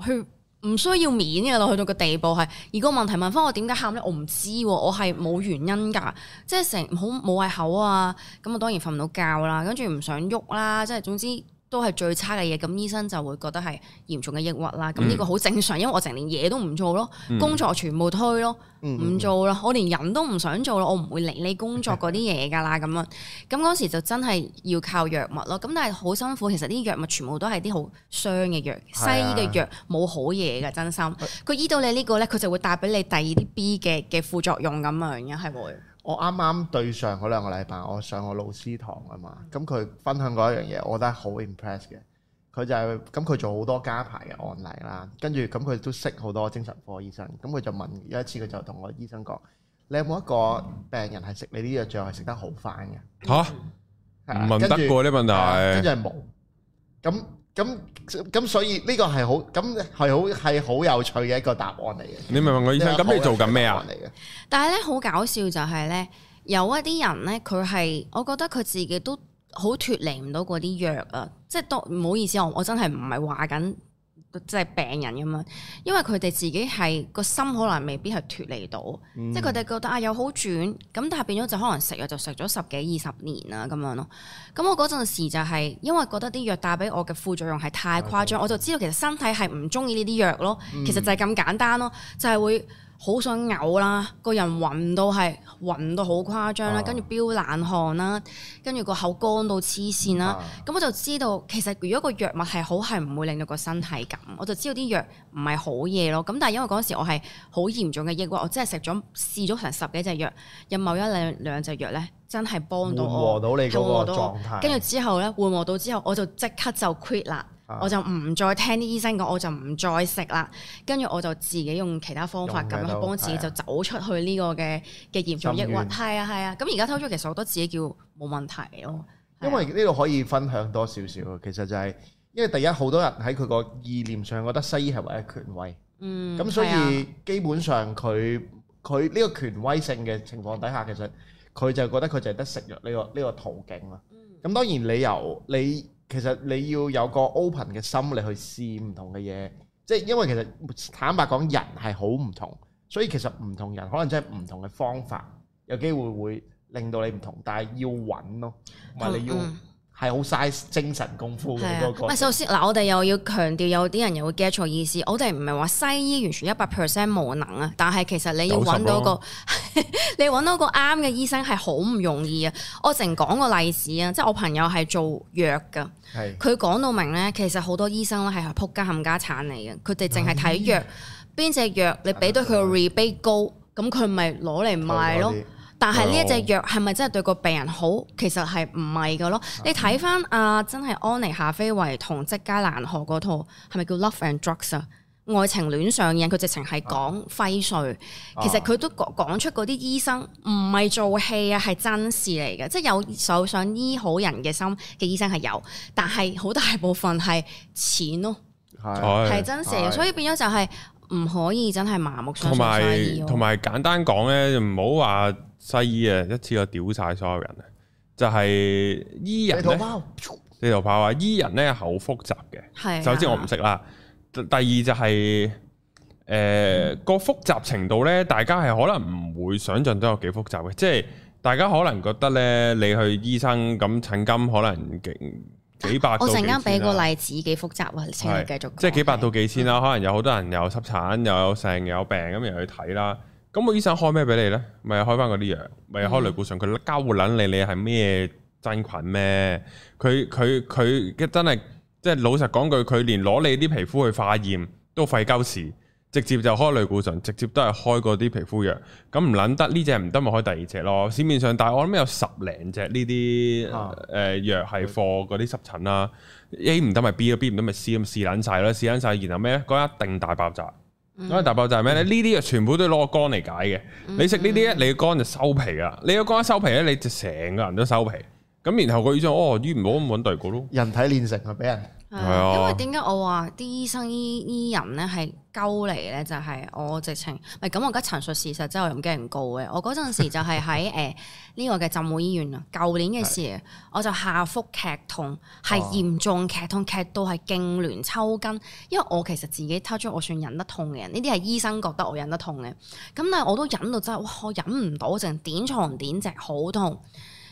去。唔需要面嘅咯，去到個地步係，而個問題問翻我點解喊咧，我唔知，我係冇、啊、原因㗎，即係成好冇胃口啊，咁我當然瞓唔到覺啦，跟住唔想喐啦，即係總之。都係最差嘅嘢，咁醫生就會覺得係嚴重嘅抑鬱啦。咁呢、嗯、個好正常，因為我成年嘢都唔做咯，嗯、工作全部推咯，唔、嗯、做啦，嗯、我連人都唔想做啦，我唔會理你工作嗰啲嘢噶啦咁樣。咁嗰 時就真係要靠藥物咯。咁但係好辛苦，其實啲藥物全部都係啲好傷嘅藥，啊、西醫嘅藥冇好嘢嘅真心。佢、啊、醫到你呢、這個呢個咧，佢就會帶俾你第二啲 B 嘅嘅副作用咁樣嘅係喎。我啱啱對上嗰兩個禮拜，我上我老師堂啊嘛，咁佢分享過一樣嘢，我覺得好 impress 嘅。佢就係咁，佢做好多家排嘅案例啦，跟住咁佢都識好多精神科醫生，咁佢就問，有一次佢就同我醫生講：你有冇一個病人係食你呢藥最後係食得好返嘅？嚇，問得過呢問題，跟住係冇，咁。咁咁所以呢個係好咁係好係好有趣嘅一個答案嚟嘅。你明唔明？我意思，咁你做緊咩啊？但係咧好搞笑就係咧，有一啲人咧佢係，我覺得佢自己都好脱離唔到嗰啲藥啊。即係多唔好意思，我我真係唔係話緊。即係病人咁樣，因為佢哋自己係個心可能未必係脫離到，嗯、即係佢哋覺得啊有好轉，咁但係變咗就可能食藥就食咗十幾二十年啦咁樣咯。咁我嗰陣時就係因為覺得啲藥帶俾我嘅副作用係太誇張，嗯、我就知道其實身體係唔中意呢啲藥咯，其實就係咁簡單咯，就係、是、會。好想嘔啦，個人暈到係暈到好誇張啦，跟住、啊、飆冷汗啦，跟住個口乾到黐線啦，咁、啊、我就知道其實如果個藥物係好係唔會令到個身體咁，我就知道啲藥唔係好嘢咯。咁但係因為嗰陣時我係好嚴重嘅抑鬱，我真係食咗試咗成十幾隻藥，有某一兩兩隻藥咧真係幫到我，緩和到你嗰個狀態。跟住之後咧緩和到之後，我就即刻就 quit 啦。我就唔再聽啲醫生講，我就唔再食啦。跟住我就自己用其他方法咁樣去幫自己就走出去呢個嘅嘅嚴重抑鬱。係啊係啊，咁而家偷咗其實我都自己叫冇問題咯。啊、因為呢個可以分享多少少，其實就係、是、因為第一好多人喺佢個意念上覺得西醫係為咗權威。嗯，咁所以基本上佢佢呢個權威性嘅情況底下，其實佢就覺得佢就係得食藥呢個呢個途徑啦。咁、嗯、當然你由你。其實你要有個 open 嘅心嚟去試唔同嘅嘢，即係因為其實坦白講人係好唔同，所以其實唔同人可能真係唔同嘅方法，有機會會令到你唔同，但係要揾咯，唔係你要。嗯係好嘥精神功夫嘅，嗰個唔係，啊、首先嗱，我哋又要強調，有啲人又會 get 錯意思。我哋唔係話西醫完全一百 percent 無能啊，但係其實你要揾到個，了 你揾到個啱嘅醫生係好唔容易啊。我淨講個例子啊，即係我朋友係做藥㗎，佢是講到明咧，其實好多醫生咧係撲街冚家產嚟嘅，佢哋淨係睇藥邊隻、嗯、藥你俾到佢嘅 rebate 高，咁佢咪攞嚟賣咯。來但係呢一隻藥係咪真係對個病人好？其實係唔係嘅咯。的你睇翻啊，真係安妮夏菲維同積佳蘭荷嗰套係咪叫《Love and Drugs》啊？愛情戀上癮，佢直情係講輝瑞。的其實佢都講講出嗰啲醫生唔係做戲啊，係真事嚟嘅。即係有想想醫好人嘅心嘅醫生係有，但係好大部分係錢咯，係真事啊。所以變咗就係唔可以真係盲目相信。同埋同埋簡單講咧，唔好話，西醫啊，一次過屌晒所有人啊！就係、是、醫人呢、地圖炮啊！醫人咧好複雜嘅，首先的我唔識啦。第二就係、是、誒、呃嗯、個複雜程度咧，大家係可能唔會想像到有幾複雜嘅，即係大家可能覺得咧，你去醫生咁、嗯、診金可能幾幾百幾、啊啊，我陣間俾個例子幾複雜喎，請你繼續講。即係幾百到幾千啦、啊，嗯、可能有好多人有濕疹，又有成有病咁入去睇啦。咁個醫生開咩俾你咧？咪開翻嗰啲藥，咪開類固醇。佢交互撚你，你係咩真菌咩？佢佢佢真係，即係老實講句，佢連攞你啲皮膚去化驗都費鳩事，直接就開類固醇，直接都係開嗰啲皮膚藥。咁唔撚得呢隻唔得咪開第二隻咯。市面上，但係我諗有十零隻呢啲誒藥係 for 嗰啲濕疹啦。啊、A 唔得咪 B，B 唔得咪 C，咁試撚晒啦，試撚晒然後咩？嗰一定大爆炸。嗰個大爆就係咩咧？呢啲藥全部都攞個肝嚟解嘅、嗯。你食呢啲咧，你個肝就收皮啦。嗯、你個肝一收皮咧，你就成個人都收皮。咁然後個醫生哦，醫唔好咁揾第二個咯。人體煉成啊，俾人。係，因為點解我話啲醫生醫醫人咧係鳩嚟咧？就係、是、我直情咪咁，我而家陳述事實，真係我唔驚人告嘅。我嗰陣時就係喺誒呢個嘅浸會醫院啊，舊年嘅事，的我就下腹劇痛，係嚴重劇痛，劇到係痙攣抽筋。因為我其實自己偷出我算忍得痛嘅人，呢啲係醫生覺得我忍得痛嘅。咁但係我都忍到真係，哇，我忍唔到，淨點牀點直好痛。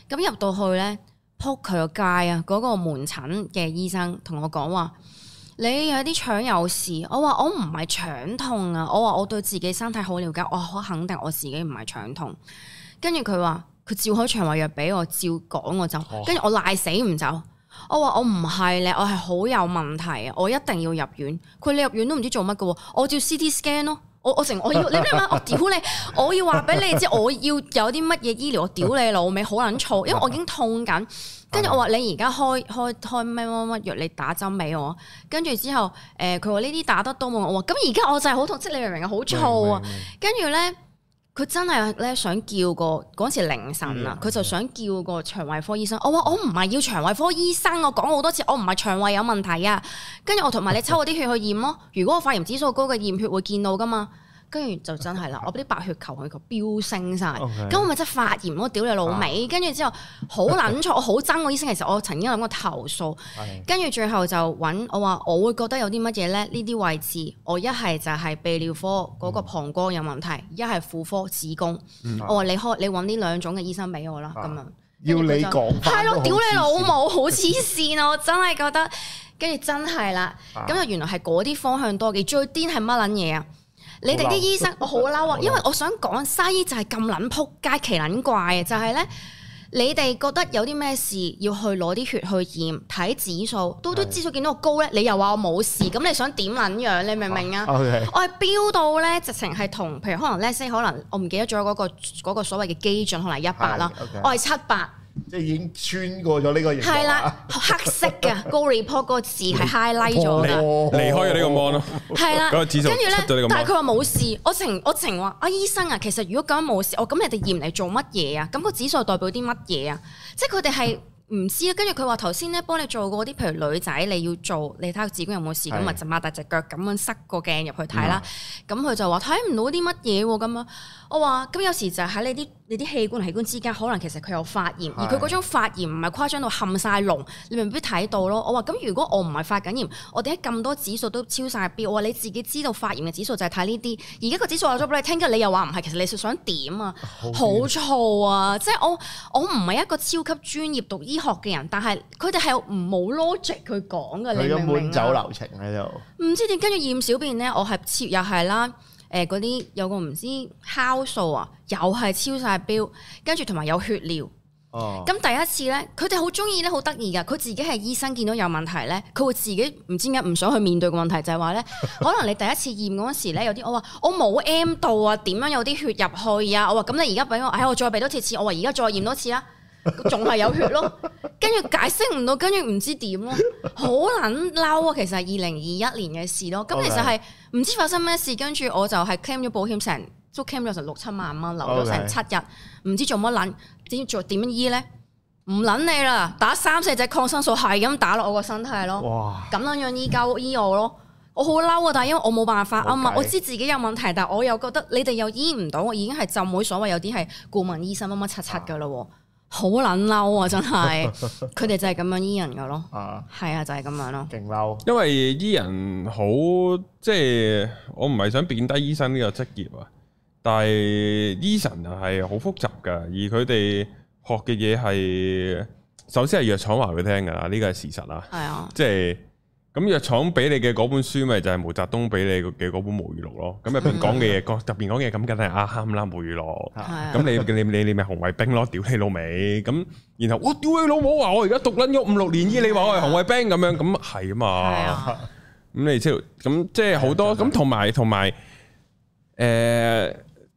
咁入到去咧。撲佢個街啊！嗰個門診嘅醫生同我講話，你有啲腸有事。我話我唔係腸痛啊！我話我對自己身體好了解，我好肯定我自己唔係腸痛。跟住佢話佢照開腸胃藥俾我，照趕我走，跟住我賴死唔走。我話我唔係咧，我係好有問題啊！我一定要入院。佢，你入院都唔知做乜㗎喎，我照 CT scan 咯。我我成我要你諗下，我屌你！我要話俾你知，我要有啲乜嘢醫療，我屌你老味好捻燥，因為我已經痛緊。跟住我話你而家開開開咩咩咩藥，你打針俾我。跟住之後，誒、呃，佢話呢啲打得多冇，我話咁而家我就係好痛，即你明唔明啊？好燥啊！跟住咧。佢真係咧想叫個嗰陣時凌晨啊，佢就想叫個腸胃科醫生。我話我唔係要腸胃科醫生，我講好多次，我唔係腸胃有問題啊。跟住我同埋你抽我啲血去驗咯，如果我發炎指數高嘅驗血會見到噶嘛。跟住就真係啦，我啲白血球去個飆升晒。咁我咪真發炎咯！屌你老味。跟住之後好撚錯，我好憎個醫生。其實我曾經諗過投訴，跟住最後就揾我話，我會覺得有啲乜嘢呢？呢啲位置，我一係就係泌尿科嗰個膀胱有問題，一係婦科子宮。我話你開你揾呢兩種嘅醫生俾我啦，咁樣要你講係咯？屌你老母，好黐線，我真係覺得跟住真係啦，咁就原來係嗰啲方向多嘅，最癲係乜撚嘢啊？你哋啲醫生，難我好嬲啊！難因為我想講，西醫就係咁撚撲街，奇撚怪啊！就係、是、咧，你哋覺得有啲咩事要去攞啲血去驗，睇指數，都啲指數見到我高咧，你又話我冇事，咁 你想點撚樣，樣？你明唔明啊？Okay、我係飆到咧，直情係同，譬如可能咧 say 可能我唔記得咗嗰個嗰個所謂嘅基準，可能一百啦，okay、我係七百。即係已經穿過咗呢個熒幕，係啦，黑色嘅 高 report 個字係 highlight 咗嘅，離開咗呢個 mon 咯，係啦，個指數。跟住咧，但係佢話冇事，我情我情話阿、啊、醫生啊，其實如果咁樣冇事，我咁人哋驗嚟做乜嘢啊？咁、那個指數代表啲乜嘢啊？即係佢哋係唔知啊。跟住佢話頭先咧，幫你做過啲，譬如女仔你要做，你睇下子宮有冇事，咁咪的就擘大隻腳咁樣塞個鏡入去睇啦。咁佢就話睇唔到啲乜嘢咁啊。 我話咁有時就喺你啲你啲器官器官之間，可能其實佢有發炎，是的 而佢嗰種發炎唔係誇張到冚晒籠，你未必睇到咯。我話咁，如果我唔係發緊炎，我哋喺咁多指數都超晒標，我話你自己知道發炎嘅指數就係睇呢啲。而家個指數我話咗俾你聽，而你又話唔係，其實你想點啊？好燥像啊！即係我我唔係一個超級專業讀醫學嘅人，但係佢哋係冇 logic 去講嘅，你明唔明啊？佢嘅半走流程喺度，唔知點，跟住驗小便咧，我係切又係啦。誒嗰啲有個唔知酵素啊，又係超晒標，跟住同埋有血尿。哦，咁第一次咧，佢哋好中意咧，好得意噶。佢自己係醫生，見到有問題咧，佢會自己唔知點解唔想去面對個問題，就係話咧，可能你第一次驗嗰時咧，有啲我話我冇 M 到啊，點樣有啲血入去啊？我話咁你而家俾我，唉、哎、我再俾多次次，我話而家再驗多次啦。嗯仲係有血咯，跟住解釋唔到，跟住唔知點咯，好捻嬲啊！其實係二零二一年嘅事咯，咁 Okay. 其實係唔知發生咩事，跟住我就係 claim 咗保險，成都 claim 咗成六七萬蚊，留咗成七日，唔 Okay. 知做乜捻，點做點樣醫咧？唔捻你啦，打三四隻抗生素係咁打落我個身體咯，咁樣哇樣醫鳩醫我咯，我好嬲啊！但係因為我冇辦法，啊嘛，嗯、我知自己有問題，但我又覺得你哋又醫唔到，我已經係就冇所謂，有啲係顧問醫生乜乜七七噶啦。好撚嬲啊！真係，佢哋 就係咁樣醫人噶咯，係啊，啊，就係咁樣咯。勁嬲，因為醫人好，即係我唔係想貶低醫生呢個職業啊，但係醫神啊係好複雜噶，而佢哋學嘅嘢係首先係藥廠話佢聽噶啦，呢個係事實啊，係啊，即係。咁藥廠俾你嘅嗰本書，咪就係毛澤東俾你嘅嗰本《毛語錄》咯。咁入邊講嘅嘢，講入邊講嘅嘢，咁梗係啊啱啦，《毛語錄。》 咁你你你你咪紅衛兵咯，屌你老味。咁然後我屌你老母啊！我而家讀捻咗五六年，醫 你話我係紅衛兵咁樣，咁係啊嘛。咁 你即咁即係好多咁，同埋同埋，誒、呃，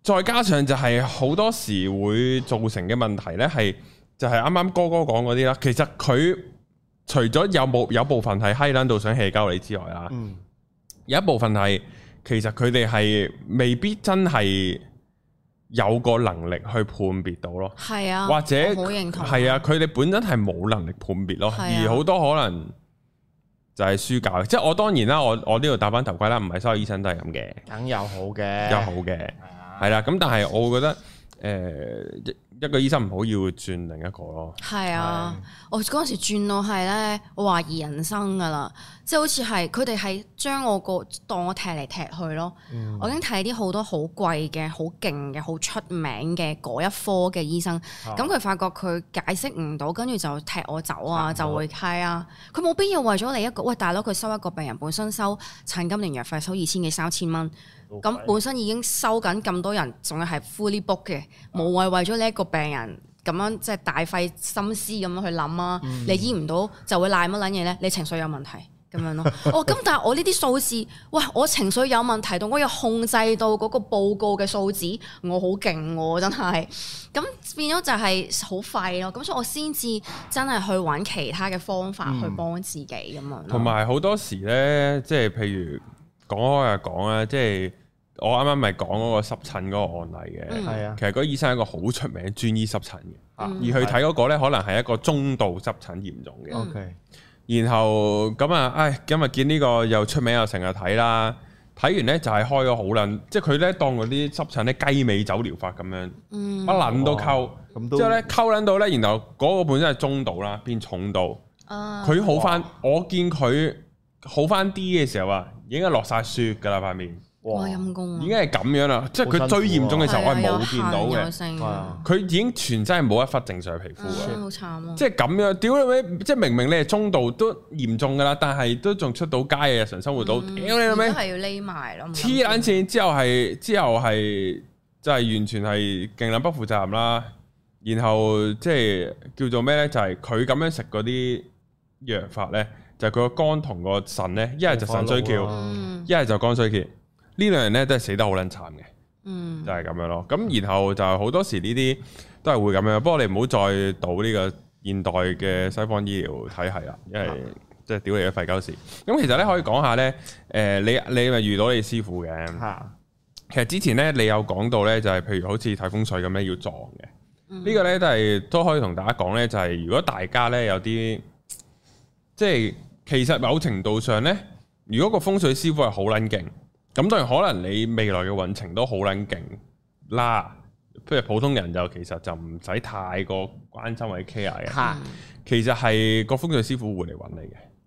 再加上就係好多時會造成嘅問題咧，係就係啱啱哥哥講嗰啲啦。其實佢。除咗有冇有部分喺閪撚度想氣交你之外啦，嗯、有一部分係其實佢哋係未必真係有個能力去判別到咯，係啊，或者係啊，佢哋本身係冇能力判別咯，啊、而好多可能就係輸教，即係我當然啦，我我呢度戴翻頭盔啦，唔係所有醫生都係咁嘅，梗有好嘅，有好嘅，係啦、啊，咁但係我會覺得誒。呃一個醫生唔好要轉另一個咯，係啊！是我嗰時轉到係咧，我懷疑人生噶啦，即係好似係佢哋係將我個當我踢嚟踢去咯。嗯、我已經睇啲好多好貴嘅、好勁嘅、好出名嘅嗰一科嘅醫生，咁佢、啊、發覺佢解釋唔到，跟住就踢我走啊，就會係啊，佢冇必要為咗你一個。喂大佬，佢收一個病人本身收診金，年藥費收二千幾三千蚊。咁本身已經收緊咁多人，仲係係 fully booked 嘅，嗯、無謂為咗呢一個病人咁樣即係大費心思咁樣去諗啊！你醫唔到就會賴乜撚嘢咧？你情緒有問題咁樣咯。哦，咁但係我呢啲數字，哇！我情緒有問題到，我又控制到嗰個報告嘅數字，我好勁喎、啊！真係咁變咗就係好廢咯。咁所以我先至真係去揾其他嘅方法去幫自己咁、嗯、樣咯。同埋好多時咧，即係譬如講開又講咧，即係。我啱啱咪講嗰個濕疹嗰個案例嘅，嗯、其實嗰醫生係一個好出名專醫濕疹嘅，啊、而佢睇嗰個咧可能係一個中度濕疹嚴重嘅。O K，、嗯、然後咁啊，唉、嗯嗯哎，今日見呢個又出名又成日睇啦，睇完呢，就係開咗好撚，即係佢呢當嗰啲濕疹呢雞尾酒療法咁、嗯、樣，一撚到溝，之後呢溝撚到呢。然後嗰個本身係中度啦變重度，佢、啊、好翻，哇我見佢好翻啲嘅時候啊，已經係落晒雪㗎啦塊面。哇，陰公已經係咁樣啦，啊、即係佢最嚴重嘅時候、啊，我係冇見到嘅。佢、啊、已經全身係冇一忽正常皮膚啊！即係咁樣，屌你老味！即係明明你係中度都嚴重噶啦，但係都仲出到街嘅日常生活到、嗯、都屌你老味！都、啊、要匿埋咯。黐撚線之後係之後係即係完全係勁撚不負責任啦。然後即係叫做咩咧？就係佢咁樣食嗰啲藥法咧，就佢、是、個肝同個腎咧，一係就腎衰竭，一係就肝衰竭。呢兩樣咧都係死得好撚慘嘅，嗯、就係咁樣咯。咁然後就好多時呢啲都係會咁樣。不過你唔好再賭呢個現代嘅西方醫療體系啦，因為即係屌你嘅廢鳩事。咁、嗯、其實咧可以講下咧，誒你你咪遇到你師傅嘅。嗯、其實之前咧你有講到咧，就係譬如好似睇風水咁樣要撞嘅。呢、嗯、個咧都係都可以同大家講咧，就係如果大家咧有啲即係其實某程度上咧，如果個風水師傅係好撚勁。咁當然可能你未來嘅運程都好卵勁啦，譬如普通人就其實就唔使太過關心或者 care 嘅，嗯、其實係個風水師傅會嚟揾你嘅，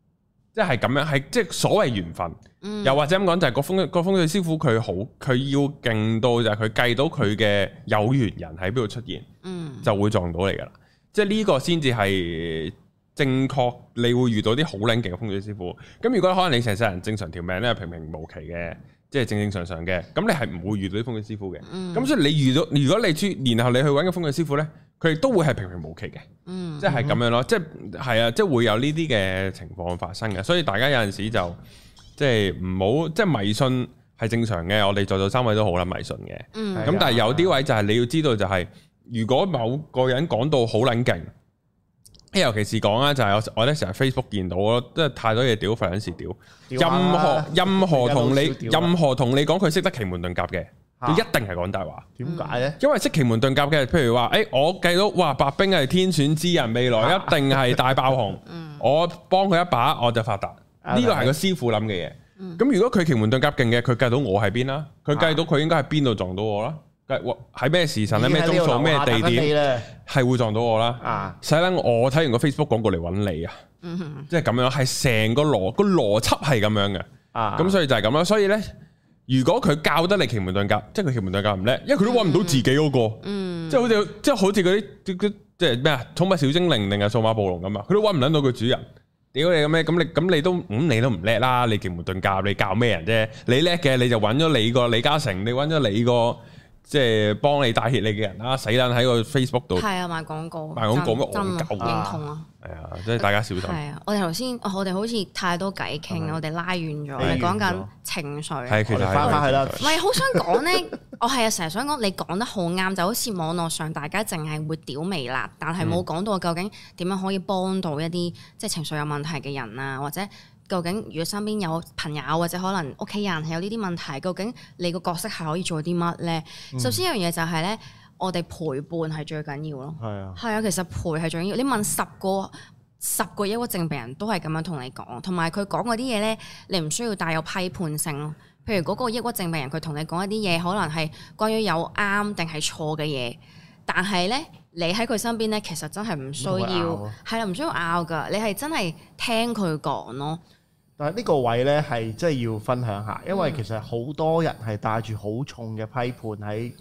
即係咁樣，係即係所謂緣分，嗯、又或者咁講就係、是、個風個風水師傅佢好佢要勁到就係佢計到佢嘅有緣人喺邊度出現，嗯、就會撞到你噶啦，即係呢個先至係正確，你會遇到啲好卵勁嘅風水師傅。咁如果可能你成世人正常條命咧平平無奇嘅。即係正正常常嘅，咁你係唔會遇到啲風水師傅嘅。咁、嗯、所以你遇到，如果你出，然後你去揾個風水師傅呢，佢亦都會係平平無奇嘅。即係咁樣咯，即係係啊，即、就、係、是、會有呢啲嘅情況發生嘅。所以大家有陣時就即係唔好，即、就、係、是就是、迷信係正常嘅。我哋在座三位都好啦，迷信嘅。咁、嗯、但係有啲位就係你要知道、就是，就係如果某個人講到好撚勁。即係尤其是講啦，就係、是、我咧成日 Facebook 見到咯，即係太多嘢屌，費緊事屌。任何任何同你任何同你講佢識得奇門遁甲嘅，佢、啊、一定係講大話。點解咧？因為識奇門遁甲嘅，譬如話，誒、欸、我計到哇白兵係天選之人，未來一定係大爆紅。啊 嗯、我幫佢一把，我就發達。呢個係個師傅諗嘅嘢。咁、嗯、如果佢奇門遁甲勁嘅，佢計到我喺邊啦？佢計到佢應該喺邊度撞到我啦？啊喺咩時辰咧？咩鐘數？咩地點？係會撞到我啦！啊，使諗我睇完個 Facebook 廣告嚟揾你、嗯、哼啊！即係咁樣，係成個邏個邏輯係咁樣嘅啊！咁所以就係咁啦。所以咧，如果佢教得你奇門遁甲，即係佢奇門遁甲唔叻，因為佢都揾唔到自己嗰、那個嗯。嗯，即係好似，即係好似嗰啲即係咩啊？寵、就是、物小精靈定係數碼暴龍咁啊？佢都揾唔捻到佢主人。屌你咁咩？咁你咁你，你都咁、嗯、你都唔叻啦！你奇門遁甲，你教咩人啫？你叻嘅你就揾咗你個李嘉誠，你揾咗你個。即係幫你帶 heat 你嘅人啦，死撚喺個 Facebook 度，係啊賣廣告，賣廣告乜戇鳩啊，認同啊，係啊、哎，即係大家小心。係啊，啊，我頭先我哋好似太多偈傾，嗎我哋拉遠咗，遠我哋講緊情緒，係、啊、其實翻返去啦。唔係好想講呢？我係啊成日想講你講得好啱，就好似網絡上大家淨係會屌微辣，但係冇講到究竟點樣可以幫到一啲即係情緒有問題嘅人啊，或者。究竟如果身邊有朋友或者可能屋企人係有呢啲問題，究竟你個角色係可以做啲乜咧？嗯、首先一樣嘢就係咧，我哋陪伴係最緊要咯。係是啊，係啊，其實陪係最緊要。你問十個十個抑鬱症病人都係咁樣同你講，同埋佢講嗰啲嘢咧，你唔需要帶有批判性咯。譬如嗰個抑鬱症病人佢同你講一啲嘢，可能係關於有啱定係錯嘅嘢，但係咧你喺佢身邊咧，其實真係唔需要係啦，唔、啊啊、需要拗㗎。你係真係聽佢講咯。但係呢個位咧，係真係要分享下，因為其實好多人係帶住好重嘅批判喺，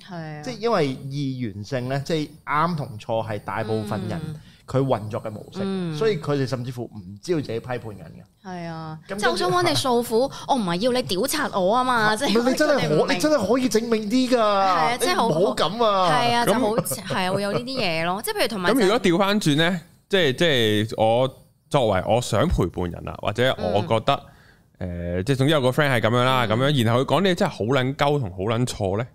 即係因為二元性咧，即係啱同錯係大部分人佢運作嘅模式，所以佢哋甚至乎唔知道自己批判人嘅。係啊，即係我想揾你訴苦，我唔係要你調查我啊嘛，即係。你真係可，你真係可以證明啲㗎，係啊，即係好好咁啊，係啊，就好係啊，會有呢啲嘢咯，即係譬如同埋。咁如果調翻轉咧，即係即係我。作為我想陪伴人啊，或者我覺得誒即係總之有個 friend 係咁樣啦，咁樣，嗯，然後佢講啲嘢真係好撚鳩同好撚錯咧。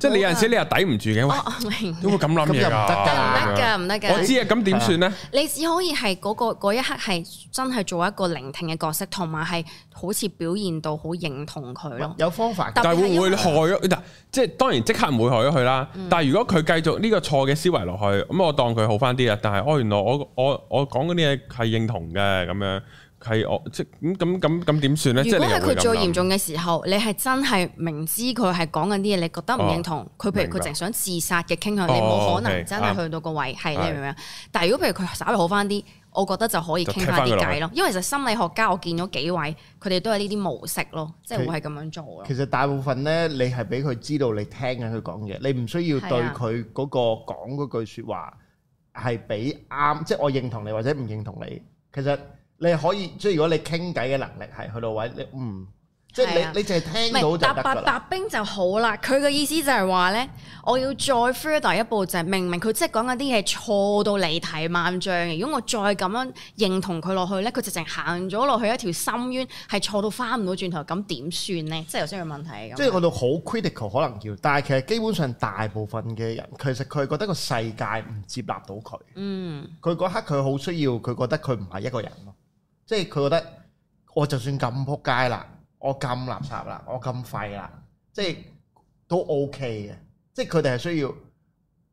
即係你有陣時你又抵唔住嘅，都會咁諗嘅。咁又唔得，唔得噶，唔得噶。我知啊，咁點算咧？你只可以係嗰個嗰一刻係真係做一個聆聽嘅角色，同埋係好似表現到好認同佢咯。有方法，但係會唔會害咗？嗱，即係當然即刻唔會害咗佢啦。但係如果佢繼續呢個錯嘅思維落去，咁我當佢好翻啲啦。但係哦，原來我我我講嗰啲嘢係認同嘅咁樣。係我即咁咁咁咁，點算咧？呢如果係佢最嚴重嘅時候，你係真係明知佢係講緊啲嘢，你覺得唔認同佢，哦、譬如佢淨想自殺嘅傾向，哦、你冇可能真係去到個位，係你明唔明？哦、okay，但係如果譬如佢稍微好翻啲，啊、我覺得就可以傾返啲偈咯。因為其實心理學家我見咗幾位，佢哋都係呢啲模式咯，即、就、係、係、會係咁樣做咯。其實大部分咧，你係俾佢知道你聽緊佢講嘢，你唔需要對佢嗰個講嗰句説話係俾啱，即係的我認同你或者唔認同你，其實。你可以，即係如果你傾偈嘅能力係去到位，你、嗯、唔，即係你、啊、你淨係聽到就得㗎搭搭白兵就好啦。佢嘅意思就係話咧，我要再 further 一步、就是，就係明明佢即係講緊啲嘢錯到離題萬丈嘅。如果我再咁樣認同佢落去咧，佢直情行咗落去一條深淵，係錯到翻唔到轉頭。咁點算咧？即係頭先嘅問題。即係我哋好 critical，可能要，但係其實基本上大部分嘅人，其實佢係覺得個世界唔接納到佢。嗯，佢嗰刻佢好需要，佢覺得佢唔係一個人咯。即係佢覺得我就算咁撲街啦，我咁垃圾啦，我咁廢啦，即係都 OK 嘅。即係佢哋係需要，啊、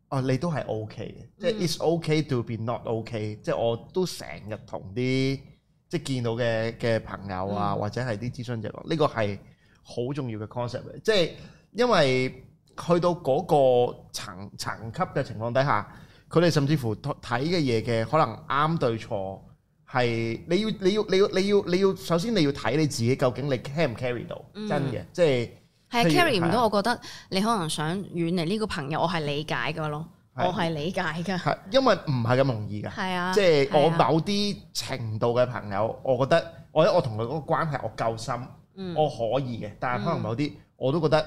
哦、你都係 OK 嘅。嗯，即係 it's OK to be not OK 即。即係我都成日同啲即係見到嘅嘅朋友啊，或者係啲諮詢者講，呢個係好重要嘅 concept 嚟。即係因為去到嗰個層層級嘅情況底下，佢哋甚至乎睇嘅嘢嘅可能啱對錯。係你要你要你要你要你要首先你要睇你自己究竟你 carry 唔 carry 到真嘅，即係係 carry 唔到，我覺得你可能想遠離呢個朋友，我係理解嘅咯，我係理解嘅。因為唔係咁容易嘅，係啊，即係我某啲程度嘅朋友，我覺得我我同佢嗰個關係我夠深，我可以嘅，但係可能某啲我都覺得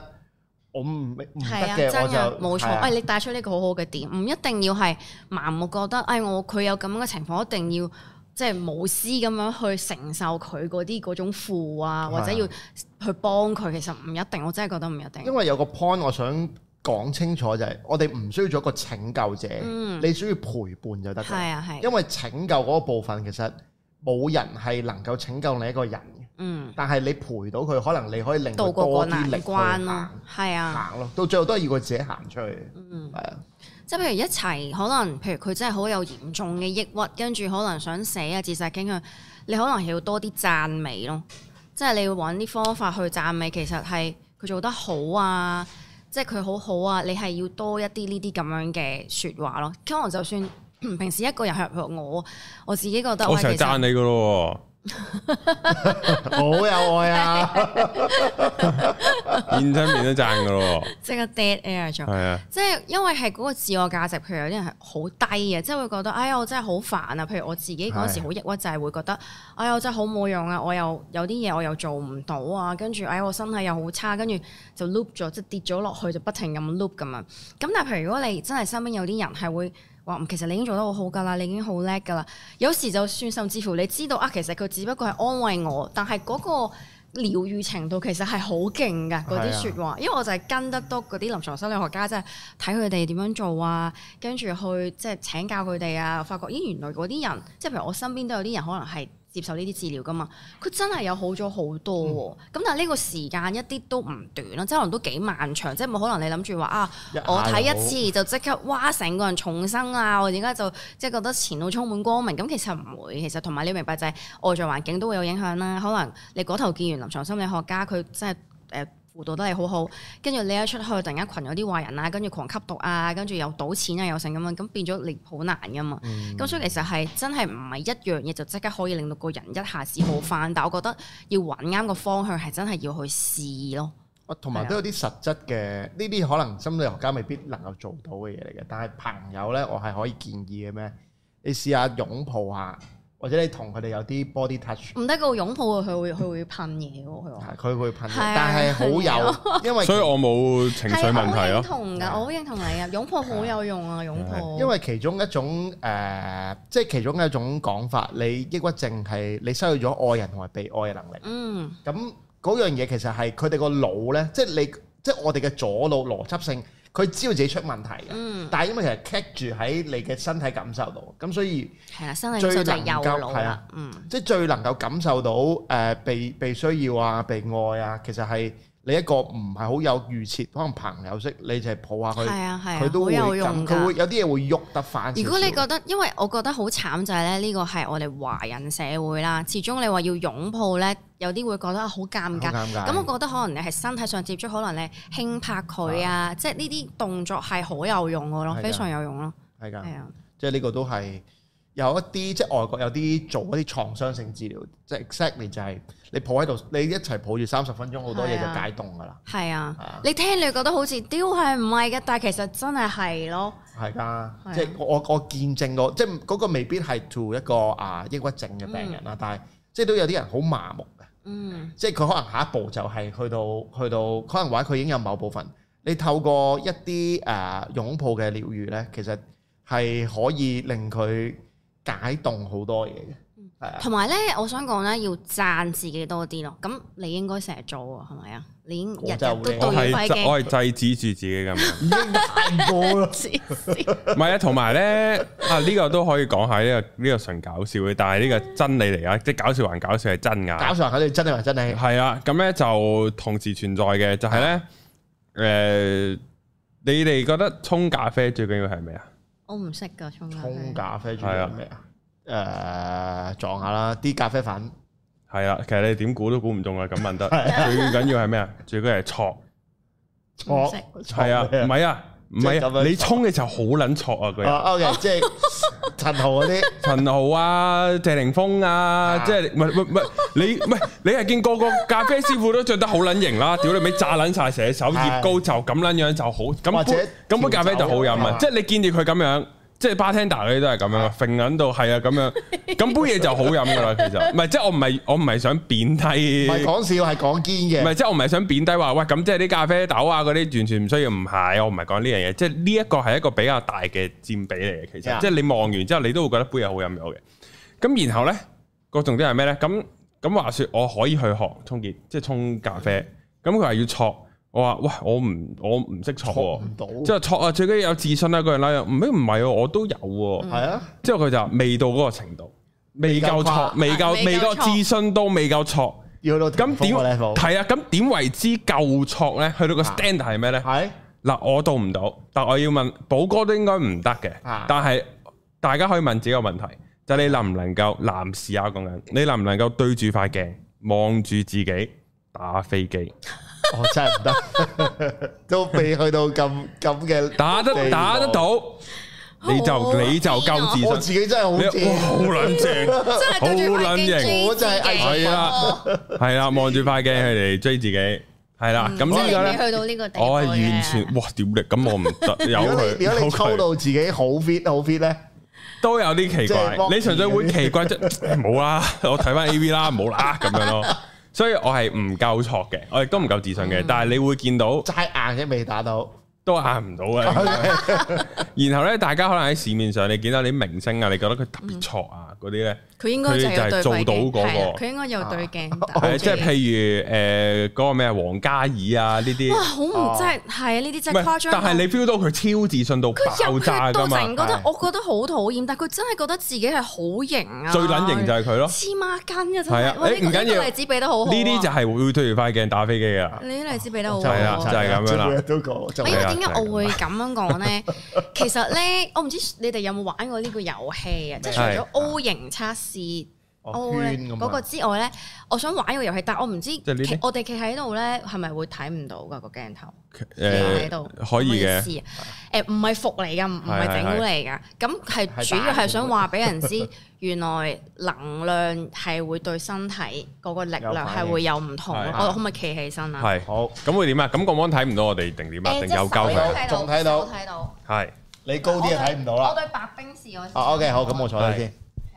我唔唔得嘅，真就冇錯。喂，你帶出呢個好好嘅點，唔一定要係盲目覺得，哎，我佢有咁樣嘅情況，一定要。即係無私咁樣去承受佢嗰啲嗰種負啊，或者要去幫佢，其實唔一定。我真係覺得唔一定。因為有個 point 我想講清楚就係、是，我哋唔需要做一個拯救者，嗯、你需要陪伴就得㗎。係、嗯、啊係。啊因為拯救嗰部分其實冇人係能夠拯救你一個人嘅。嗯。但係你陪到佢，可能你可以令到過過難關咯。係啊。啊行咯，到最後都係要佢自己行出去。嗯。係、嗯、啊。即係譬如一齊，可能譬如佢真係好有嚴重嘅抑鬱，跟住可能想死啊、自殺傾向，你可能係要多啲讚美咯。即係你要揾啲方法去讚美，其實係佢做得好啊，即係佢好好啊，你係要多一啲呢啲咁樣嘅説話咯。可能就算平時一個人喺度，我我自己覺得我成讚你㗎咯。 好有愛啊， 現身面都讚噶咯，即係 dead air 咗，係啊，即係因為係嗰個自我價值，譬如有啲人係好低嘅，即係會覺得，哎呀，我真係好煩啊，譬如我自己嗰時好抑鬱症，是啊、會覺得，哎呀，我真係好冇用啊，我又有啲嘢我又做唔到啊，跟住，哎呀，我身體又好差，跟住就 loop 咗，即係跌咗落去就不停咁 loop 咁啊，咁但係譬如如果你真係身邊有啲人係會。話其實你已經做得好好㗎啦，你已經好叻㗎啦。有時就算甚至乎你知道啊，其實佢只不過係安慰我，但係嗰個療癒程度其實係好勁㗎。嗰啲説話。因為我就係跟得多嗰啲臨床心理學家，即係睇佢哋點樣做啊，跟住去即係、就是、請教佢哋啊，發覺咦原來嗰啲人即係譬如我身邊都有啲人可能係。接受呢啲治療噶嘛，佢真係有好咗好多喎、哦。咁、嗯、但係呢個時間一啲都唔短啦，即係可能都幾漫長，即係冇可能你諗住話啊，我睇一次就即刻，哇，成個人重生啊！我而家就即係覺得前路充滿光明。咁其實唔會，其實同埋你明白就係外在環境都會有影響啦。可能你嗰頭見完臨床心理學家，佢真係誒，呃輔導得係好好，跟住你一出去突然間群有啲壞人啊，跟住狂吸毒啊，跟住又賭錢啊，又成咁樣啊，咁變咗你好難㗎嘛。咁所以其實係真係唔係一樣嘢就即刻可以令到個人一下子好返，但我覺得要揾啱個方向係真係要去試咯。同埋都有啲實質嘅，呢啲可能心理學家未必能夠做到嘅嘢嚟嘅，但係朋友呢，我係可以建議嘅咩？你試下擁抱下。或者你同佢哋有啲 body touch，唔得個擁抱佢會佢會噴嘢喎佢佢會噴，但係好有， 因為所以我冇情緒問題啊。同噶，我好認同你啊！ 擁抱好有用啊，擁抱。因為其中一種誒、呃，即係其中一種講法，你抑鬱症係你失去咗愛人同埋被愛嘅能力。嗯，咁嗰樣嘢其實係佢哋個腦咧，即係你，即係我哋嘅左腦邏輯性。佢知道自己出問題嘅，嗯、但係因為其實 catch 住喺你嘅身體感受到，咁所以係啊，身體就係右腦啦，嗯，即係最能夠感受到誒、呃、被被需要啊，被愛啊，其實係。你一個唔係好有預設，可能朋友識你就係抱下佢，佢、啊啊、都會有用，佢會有啲嘢會喐得翻。如果你覺得，因為我覺得好慘就係咧，呢個係我哋華人社會啦。始終你話要擁抱咧，有啲會覺得好尷尬，尷尬。咁我覺得可能你係身體上接觸，可能你輕拍佢啊，即係呢啲動作係好有用嘅咯，的非常有用咯。係㗎，即係呢個都係。有一啲即係外國有啲做一啲創傷性治療，即係 exactly 就係你抱喺度，你一齊抱住三十分鐘，好多嘢就解凍㗎啦。係啊，嗯、你聽你覺得好似屌係唔係嘅，但係其實真係係咯。係㗎，即係我我我見證到，即係嗰個未必係做一個啊抑鬱症嘅病人啦，嗯、但係即係都有啲人好麻木嘅。嗯，即係佢可能下一步就係去到去到，可能話佢已經有某部分，你透過一啲誒、啊、擁抱嘅療癒咧，其實係可以令佢。解凍好多嘢嘅，係啊，同埋咧，我想講咧，要讚自己多啲咯。咁你應該成日做啊，係咪啊？你應該日日都對唔起嘅。我係制止住自己噶，唔唔係啊，同埋咧啊，呢個都可以講下呢個呢個純搞笑嘅，但係呢個真理嚟啊，即係搞笑還搞笑係真噶。搞笑還搞笑，真理還真理。係啊，咁咧就同時存在嘅，就係咧誒，你哋覺得沖咖啡最緊要係咩啊？我唔識㗎，沖咖啡，沖咖啡係啊，誒的、呃、撞下啦，啲咖啡粉係啊，其實你點估都估唔中啊，咁問得最緊要係咩啊？最緊要係挫挫係啊，唔係啊。唔係，你沖嘅時候好撚錯啊！佢，哦，OK，即係陳豪嗰啲，陳豪啊，謝霆鋒啊，的即係唔係唔係你唔係你係見個個咖啡師傅都着得好撚型啦，屌你咪炸撚晒，成手熱高就咁撚樣就好，咁或者，咁杯咖啡就好飲啊！的即係你見住佢咁樣。即係 bartender 嗰啲都係咁樣，揈緊的到係啊咁樣，咁杯嘢就好飲噶啦。其實唔係，即係我唔係我唔係想貶低。唔係講笑，係講堅嘅。唔係即係我唔係想貶低話，喂咁即係啲咖啡豆啊嗰啲完全唔需要，唔係我唔係講呢樣嘢。即係呢一個係一個比較大嘅佔比嚟嘅，其實的即係你望完之後，你都會覺得杯嘢好飲咗嘅。咁然後咧個重點係咩咧？咁咁話説我可以去學沖結，即係沖咖啡。咁佢話要挫。我話喂，我唔我唔識錯，即係錯啊！最緊要、啊、有自信啊！嗰樣那唔係唔係我都有，係啊！嗯、之後佢就話未到嗰個程度，未夠錯，未夠未夠、啊、自信都未夠錯，咁點係啊？咁點、啊、為之夠錯咧？啊、去到個 standard 係咩咧？嗱、啊，我到唔到，但我要問寶哥都應該唔得嘅。啊、但係大家可以問自己個問題，就係、你能唔能夠男士啊？講緊你能唔能夠對住塊鏡望住自己打飛機？我真係唔得，都未去到咁咁嘅打得打得到，你就你就夠自信，自己真係好，好卵正，真係好卵型，真係係啦係啦，望住塊鏡佢哋追自己，係啦，咁呢個咧，我係完全哇屌咧，咁我唔得，有佢。如果你抽到自己好 fit 好 fit 咧，都有啲奇怪，你純粹會奇怪啫，冇啦，我睇翻 AV 啦，冇啦，咁樣咯。所以我係唔夠挫嘅，我亦都唔夠自信嘅。嗯、但係你會見到齋硬嘅未打到，都硬唔到嘅。 然後咧，大家可能喺市面上你見到啲明星啊，你覺得佢特別挫啊？嗯嗰啲咧，佢應該就係做到嗰個，佢應該有對鏡。即係譬如誒嗰個咩黃嘉怡啊呢啲，哇，好唔真係係啊，呢啲真係誇張。但係你 feel 到佢超自信到爆炸㗎嘛？我覺得好討厭，但佢真係覺得自己係好型啊！最撚型就係佢咯，黐孖筋啊，真係。喂，唔緊要，例子俾得好好。呢啲就係會推住塊鏡打飛機㗎。你啲例子俾得好，好，啦，就係咁樣啦。都講，因為點解我會咁樣講咧？其實咧，我唔知你哋有冇玩過呢個遊戲啊？即係除咗測試嗰個之外咧，我想玩個遊戲，但我唔知我哋企喺度咧，係咪會睇唔到噶個鏡頭？企喺度可以嘅。誒，唔係伏你噶唔係整你噶咁係主要係想話俾人知，原來能量係會對身體嗰個力量係會有唔同。我可唔可以企起身啊？係好，咁會點啊？咁個 mon 睇唔到我哋定點啊？有高，仲睇到，睇到，係你高啲就睇唔到啦。我對白兵試我。OK 好，咁我坐低先。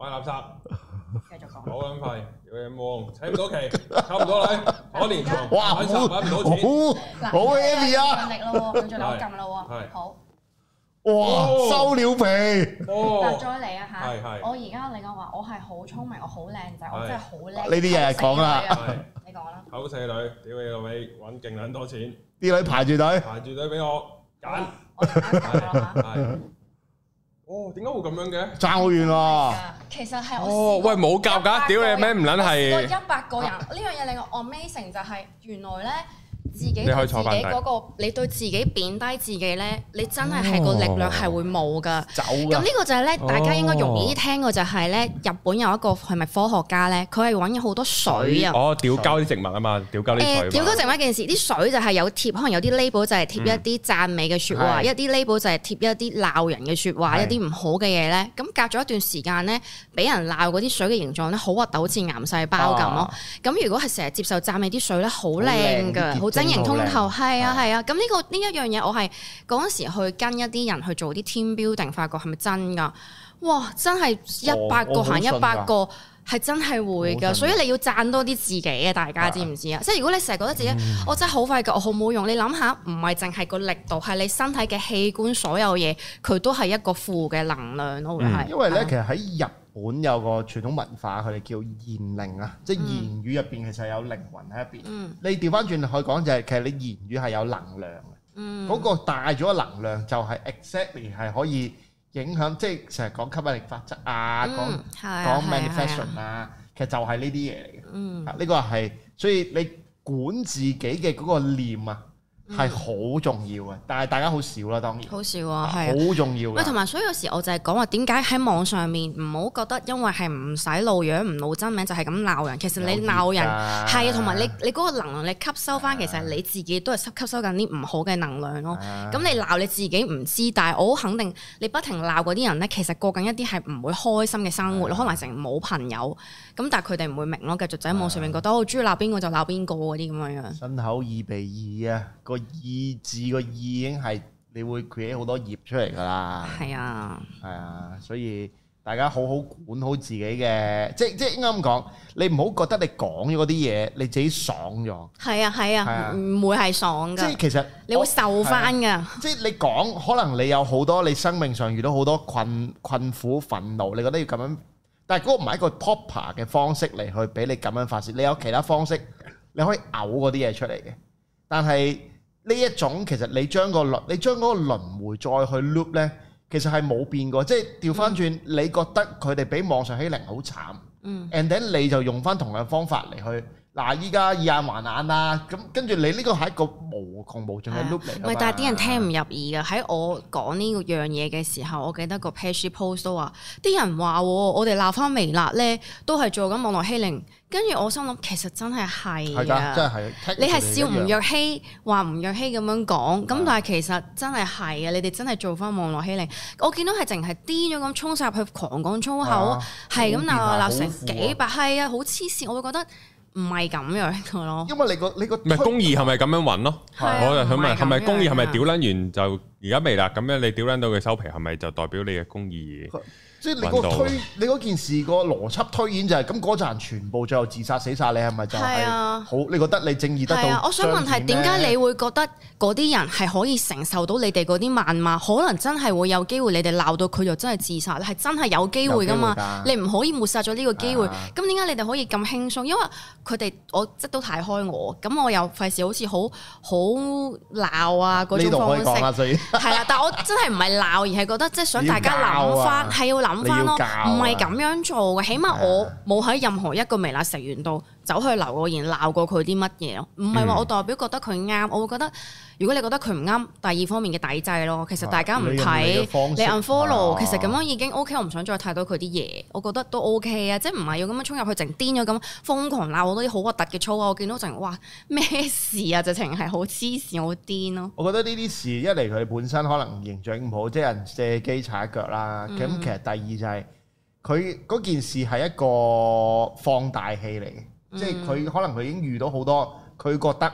買垃圾，好卵廢，有眼望，睇唔到期，收唔到禮，可憐窮，買垃圾買唔到錢，好 A V 啊！盡力咯，用盡腦筋咯，係好，哇收咗皮，嗱再嚟啊吓，我而家你講話，我係好聰明，我好靚仔，我真係好叻，呢啲嘢講啦，你講啦，醜仔女，屌你個味，揾勁捻多錢，啲女排住隊，排住隊俾我揀。哦，點解會咁樣嘅？爭好遠啦，其實係我、哦，喂冇夾㗎，屌你咩唔撚係個一百個人呢、啊、樣嘢令我 amazing 就係原來咧。自己對自己嗰、那個、你對自己貶低自己咧，你真係係個力量係會冇噶。咁呢、哦、個就係、是、咧，大家應該容易聽過就係、是、咧，哦、日本有一個係咪科學家咧，佢係揾咗好多水啊。哦，屌鳩啲植物啊嘛，屌鳩啲植物。誒，屌鳩植物一件、欸、事，啲水就係有貼，可能有啲 label 就係貼一啲讚美嘅説話，嗯、一啲 label 就係貼一啲鬧人嘅説話，嗯、一啲唔好嘅嘢咧。咁隔咗一段時間咧，俾人鬧嗰啲水嘅形狀咧，好核突，好似癌細胞咁咯。咁如果係成日接受讚美啲水咧，好靚噶，好、嗯型通透係啊係啊，咁呢個呢一樣嘢，我係嗰陣時去跟一啲人去做啲 team building，發覺係咪真噶？哇，真係一百個行一百個，係真係會噶。所以你要讚多啲自己啊！大家知唔知啊？即係如果你成日覺得自己我真係好快腳，我好冇用，你諗下，唔係淨係個力度，係你身體嘅器官所有嘢，佢都係一個負嘅能量咯，係。因為咧，其實喺入。本有個傳統文化，佢哋叫言靈啊，即係言語入邊其實有靈魂喺入邊。嗯、你調翻轉去講就係，其實你言語係有能量嘅。嗰、嗯、個大咗能量就係 exactly 係可以影響，即係成日講吸引力法則啊，嗯、講、嗯、講 manifestation 啊，啊啊啊啊其實就係呢啲嘢嚟嘅。啊、嗯，呢個係所以你管自己嘅嗰個念啊。係好重要嘅，但係大家好少啦，當然好少啊，係好重要。同埋所以有時我就係講話點解喺網上面唔好覺得，因為係唔使露樣、唔露真名就係咁鬧人。其實你鬧人係同埋你你嗰個能力吸收翻，的其實你自己都係吸收緊啲唔好嘅能量咯。咁的你鬧你自己唔知，但係我好肯定，你不停鬧嗰啲人咧，其實過緊一啲係唔會開心嘅生活，的你可能成日冇朋友。咁但係佢哋唔會明咯，繼續就喺網上面覺得好中意鬧邊個就鬧邊個嗰啲咁樣樣。的口耳鼻耳啊！意志個意已經係你會 create 好多業出嚟㗎啦，係啊，係啊，所以大家好好管好自己嘅。即即應該咁講，你唔好覺得你講咗嗰啲嘢你自己爽咗，係啊係啊，唔、啊啊、會係爽㗎，即其實你會受翻㗎、啊，即你講可能你有好多你生命上遇到好多困困苦、憤怒，你覺得你要咁樣，但係嗰個唔係一個 proper 嘅方式嚟去俾你咁樣發泄，你有其他方式你可以嘔嗰啲嘢出嚟嘅，但係。呢一種其實你將個輪你將嗰個輪迴再去 loop 咧，其實係冇變過。即係調翻轉，你覺得佢哋比網上欺凌好慘。嗯，and then 你就用翻同樣方法嚟去。嗱，依家以眼還眼啦，咁跟住你呢個係一個無窮無盡嘅 loop 嚟。喂、哎，但係啲人聽唔入耳嘅，喺、嗯、我講呢個樣嘢嘅時候，我記得個 page post 都話，啲人話我哋鬧翻微辣咧，都係做緊網絡欺凌。跟住我心諗，其實真係係啊，真係你係笑吳若希話吳若希咁樣講，咁、哎、呀但係其實真係係啊，你哋真係做翻網絡欺凌。我見到係淨係癲咗咁衝入去狂講粗口，係咁鬧鬧成幾百閪啊，好黐線！我會覺得。唔係咁樣個咯，因為你個你個唔係公義係咪咁樣揾咯？係我又想問，係咪公義係咪屌撚完就而家未啦？咁樣你屌撚到嘅收皮，係咪就代表你嘅公義？即係你個推，你嗰件事個邏輯推演就係、是、咁，嗰陣全部最後自殺死晒你係咪就係好、啊、好？你覺得你正義得到、啊？我想問係點解你會覺得嗰啲人係可以承受到你哋嗰啲謾罵？可能真係會有機會，你哋鬧到佢就真係自殺，係真係有機會噶嘛？你唔可以抹殺咗呢個機會。咁點解你哋可以咁輕鬆？因為佢哋我即都睇開我，咁我又費事好似好好鬧啊嗰種方式係啦、 啊。但我真係唔係鬧，而係覺得即係想大家諗翻，係 要鬧、啊。諗翻咯，唔係咁樣做嘅，起碼我冇喺任何一個微辣食完度。走去留個言鬧過佢啲乜嘢咯？唔係話我代表覺得佢啱，嗯、我會覺得如果你覺得佢唔啱，第二方面嘅抵制咯。其實大家唔睇、啊、你，你，你 unfollow，啊、其實咁樣已經 O K。我唔想再睇到佢啲嘢，我覺得都 O、OK、K 啊。即係唔係要咁樣衝入去，整癲咗咁瘋狂鬧好多啲好核突嘅粗口啊！我見到陣哇咩事啊？直情係好黐線，好癲咯。我覺得呢啲事一嚟佢本身可能形象唔好，即係人借機踩腳啦。咁、嗯、其實第二就係佢嗰件事係一個放大器嚟嘅。即係佢可能佢已經遇到好多佢覺得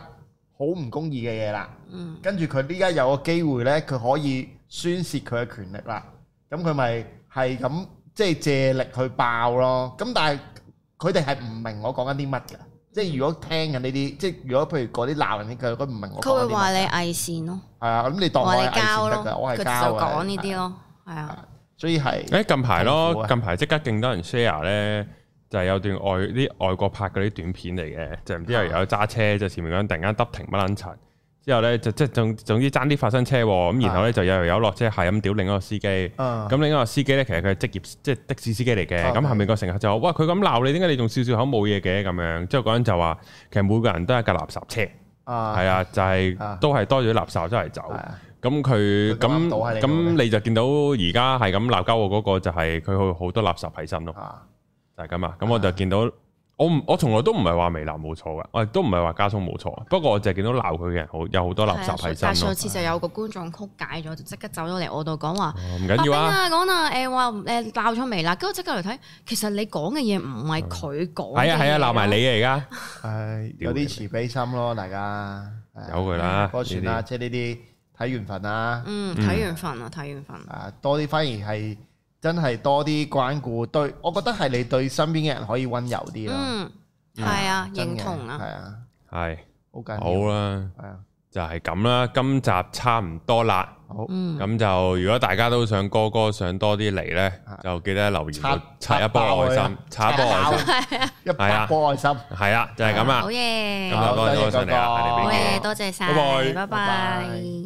好唔公義嘅嘢啦，嗯、跟住佢呢家有個機會咧，佢可以宣洩佢嘅權力啦，咁佢咪係咁即係借力去爆咯。咁但係佢哋係唔明我講緊啲乜㗎？即係如果聽緊呢啲，即係如果譬如嗰啲鬧人啲，佢唔明我。佢會話你偽善咯。係啊，咁你當我係教我係膠啊。講呢啲咯，係啊，所以係。誒近排咯，近排即刻勁多人 share 咧。就係有段外啲外國拍嗰啲短片嚟嘅，就唔知係有揸車，就前面嗰陣突然間剎停乜撚塵，之後咧就即係總總之爭啲發生車禍咁，然後咧的就又有落車係咁屌另一個司機，咁的另一個司機咧其實佢係職業即係、就是、的士司機嚟嘅，咁後面個乘客就話：哇！佢咁鬧你，點解你仲笑笑口冇嘢嘅咁樣？之後嗰陣就話其實每個人都係架垃圾車，係啊，就係、是、都係多咗啲垃圾出嚟走，咁佢咁咁你就見到而家係咁鬧交嘅嗰個就係佢好多垃圾喺心咯。就係咁啊，咁我就見到我唔我從來都唔係話微辣冇錯噶，我、啊、亦都唔係話家冲冇錯，不過我淨係見到鬧佢嘅人好有好多垃圾喺身。但係、啊、上次就有個觀眾曲解咗，就即刻走咗嚟我度講話，唔緊要啊，講啊，誒話誒鬧咗微辣，跟住我即刻嚟睇，其實你講嘅嘢唔係佢講，係啊係啊鬧埋、啊、你嘅而家，係 有啲慈悲心咯，大家 有佢啦，算啦，即係呢啲睇緣分啊，嗯，睇緣分啊睇緣分啊，多啲反而係。真係多啲關顧對，我覺得係你對身邊嘅人可以溫柔啲咯。嗯，係啊，認同啊，係啊，係好緊要啦。係啊，就係咁啦。今集差唔多啦。好，咁就如果大家都想歌歌想多啲嚟呢，就記得留言，刷一波愛心，刷一波愛心，係啊，一波愛心，係啊，就係咁啊。好嘢，多謝多謝你啊，多謝多謝晒，拜拜。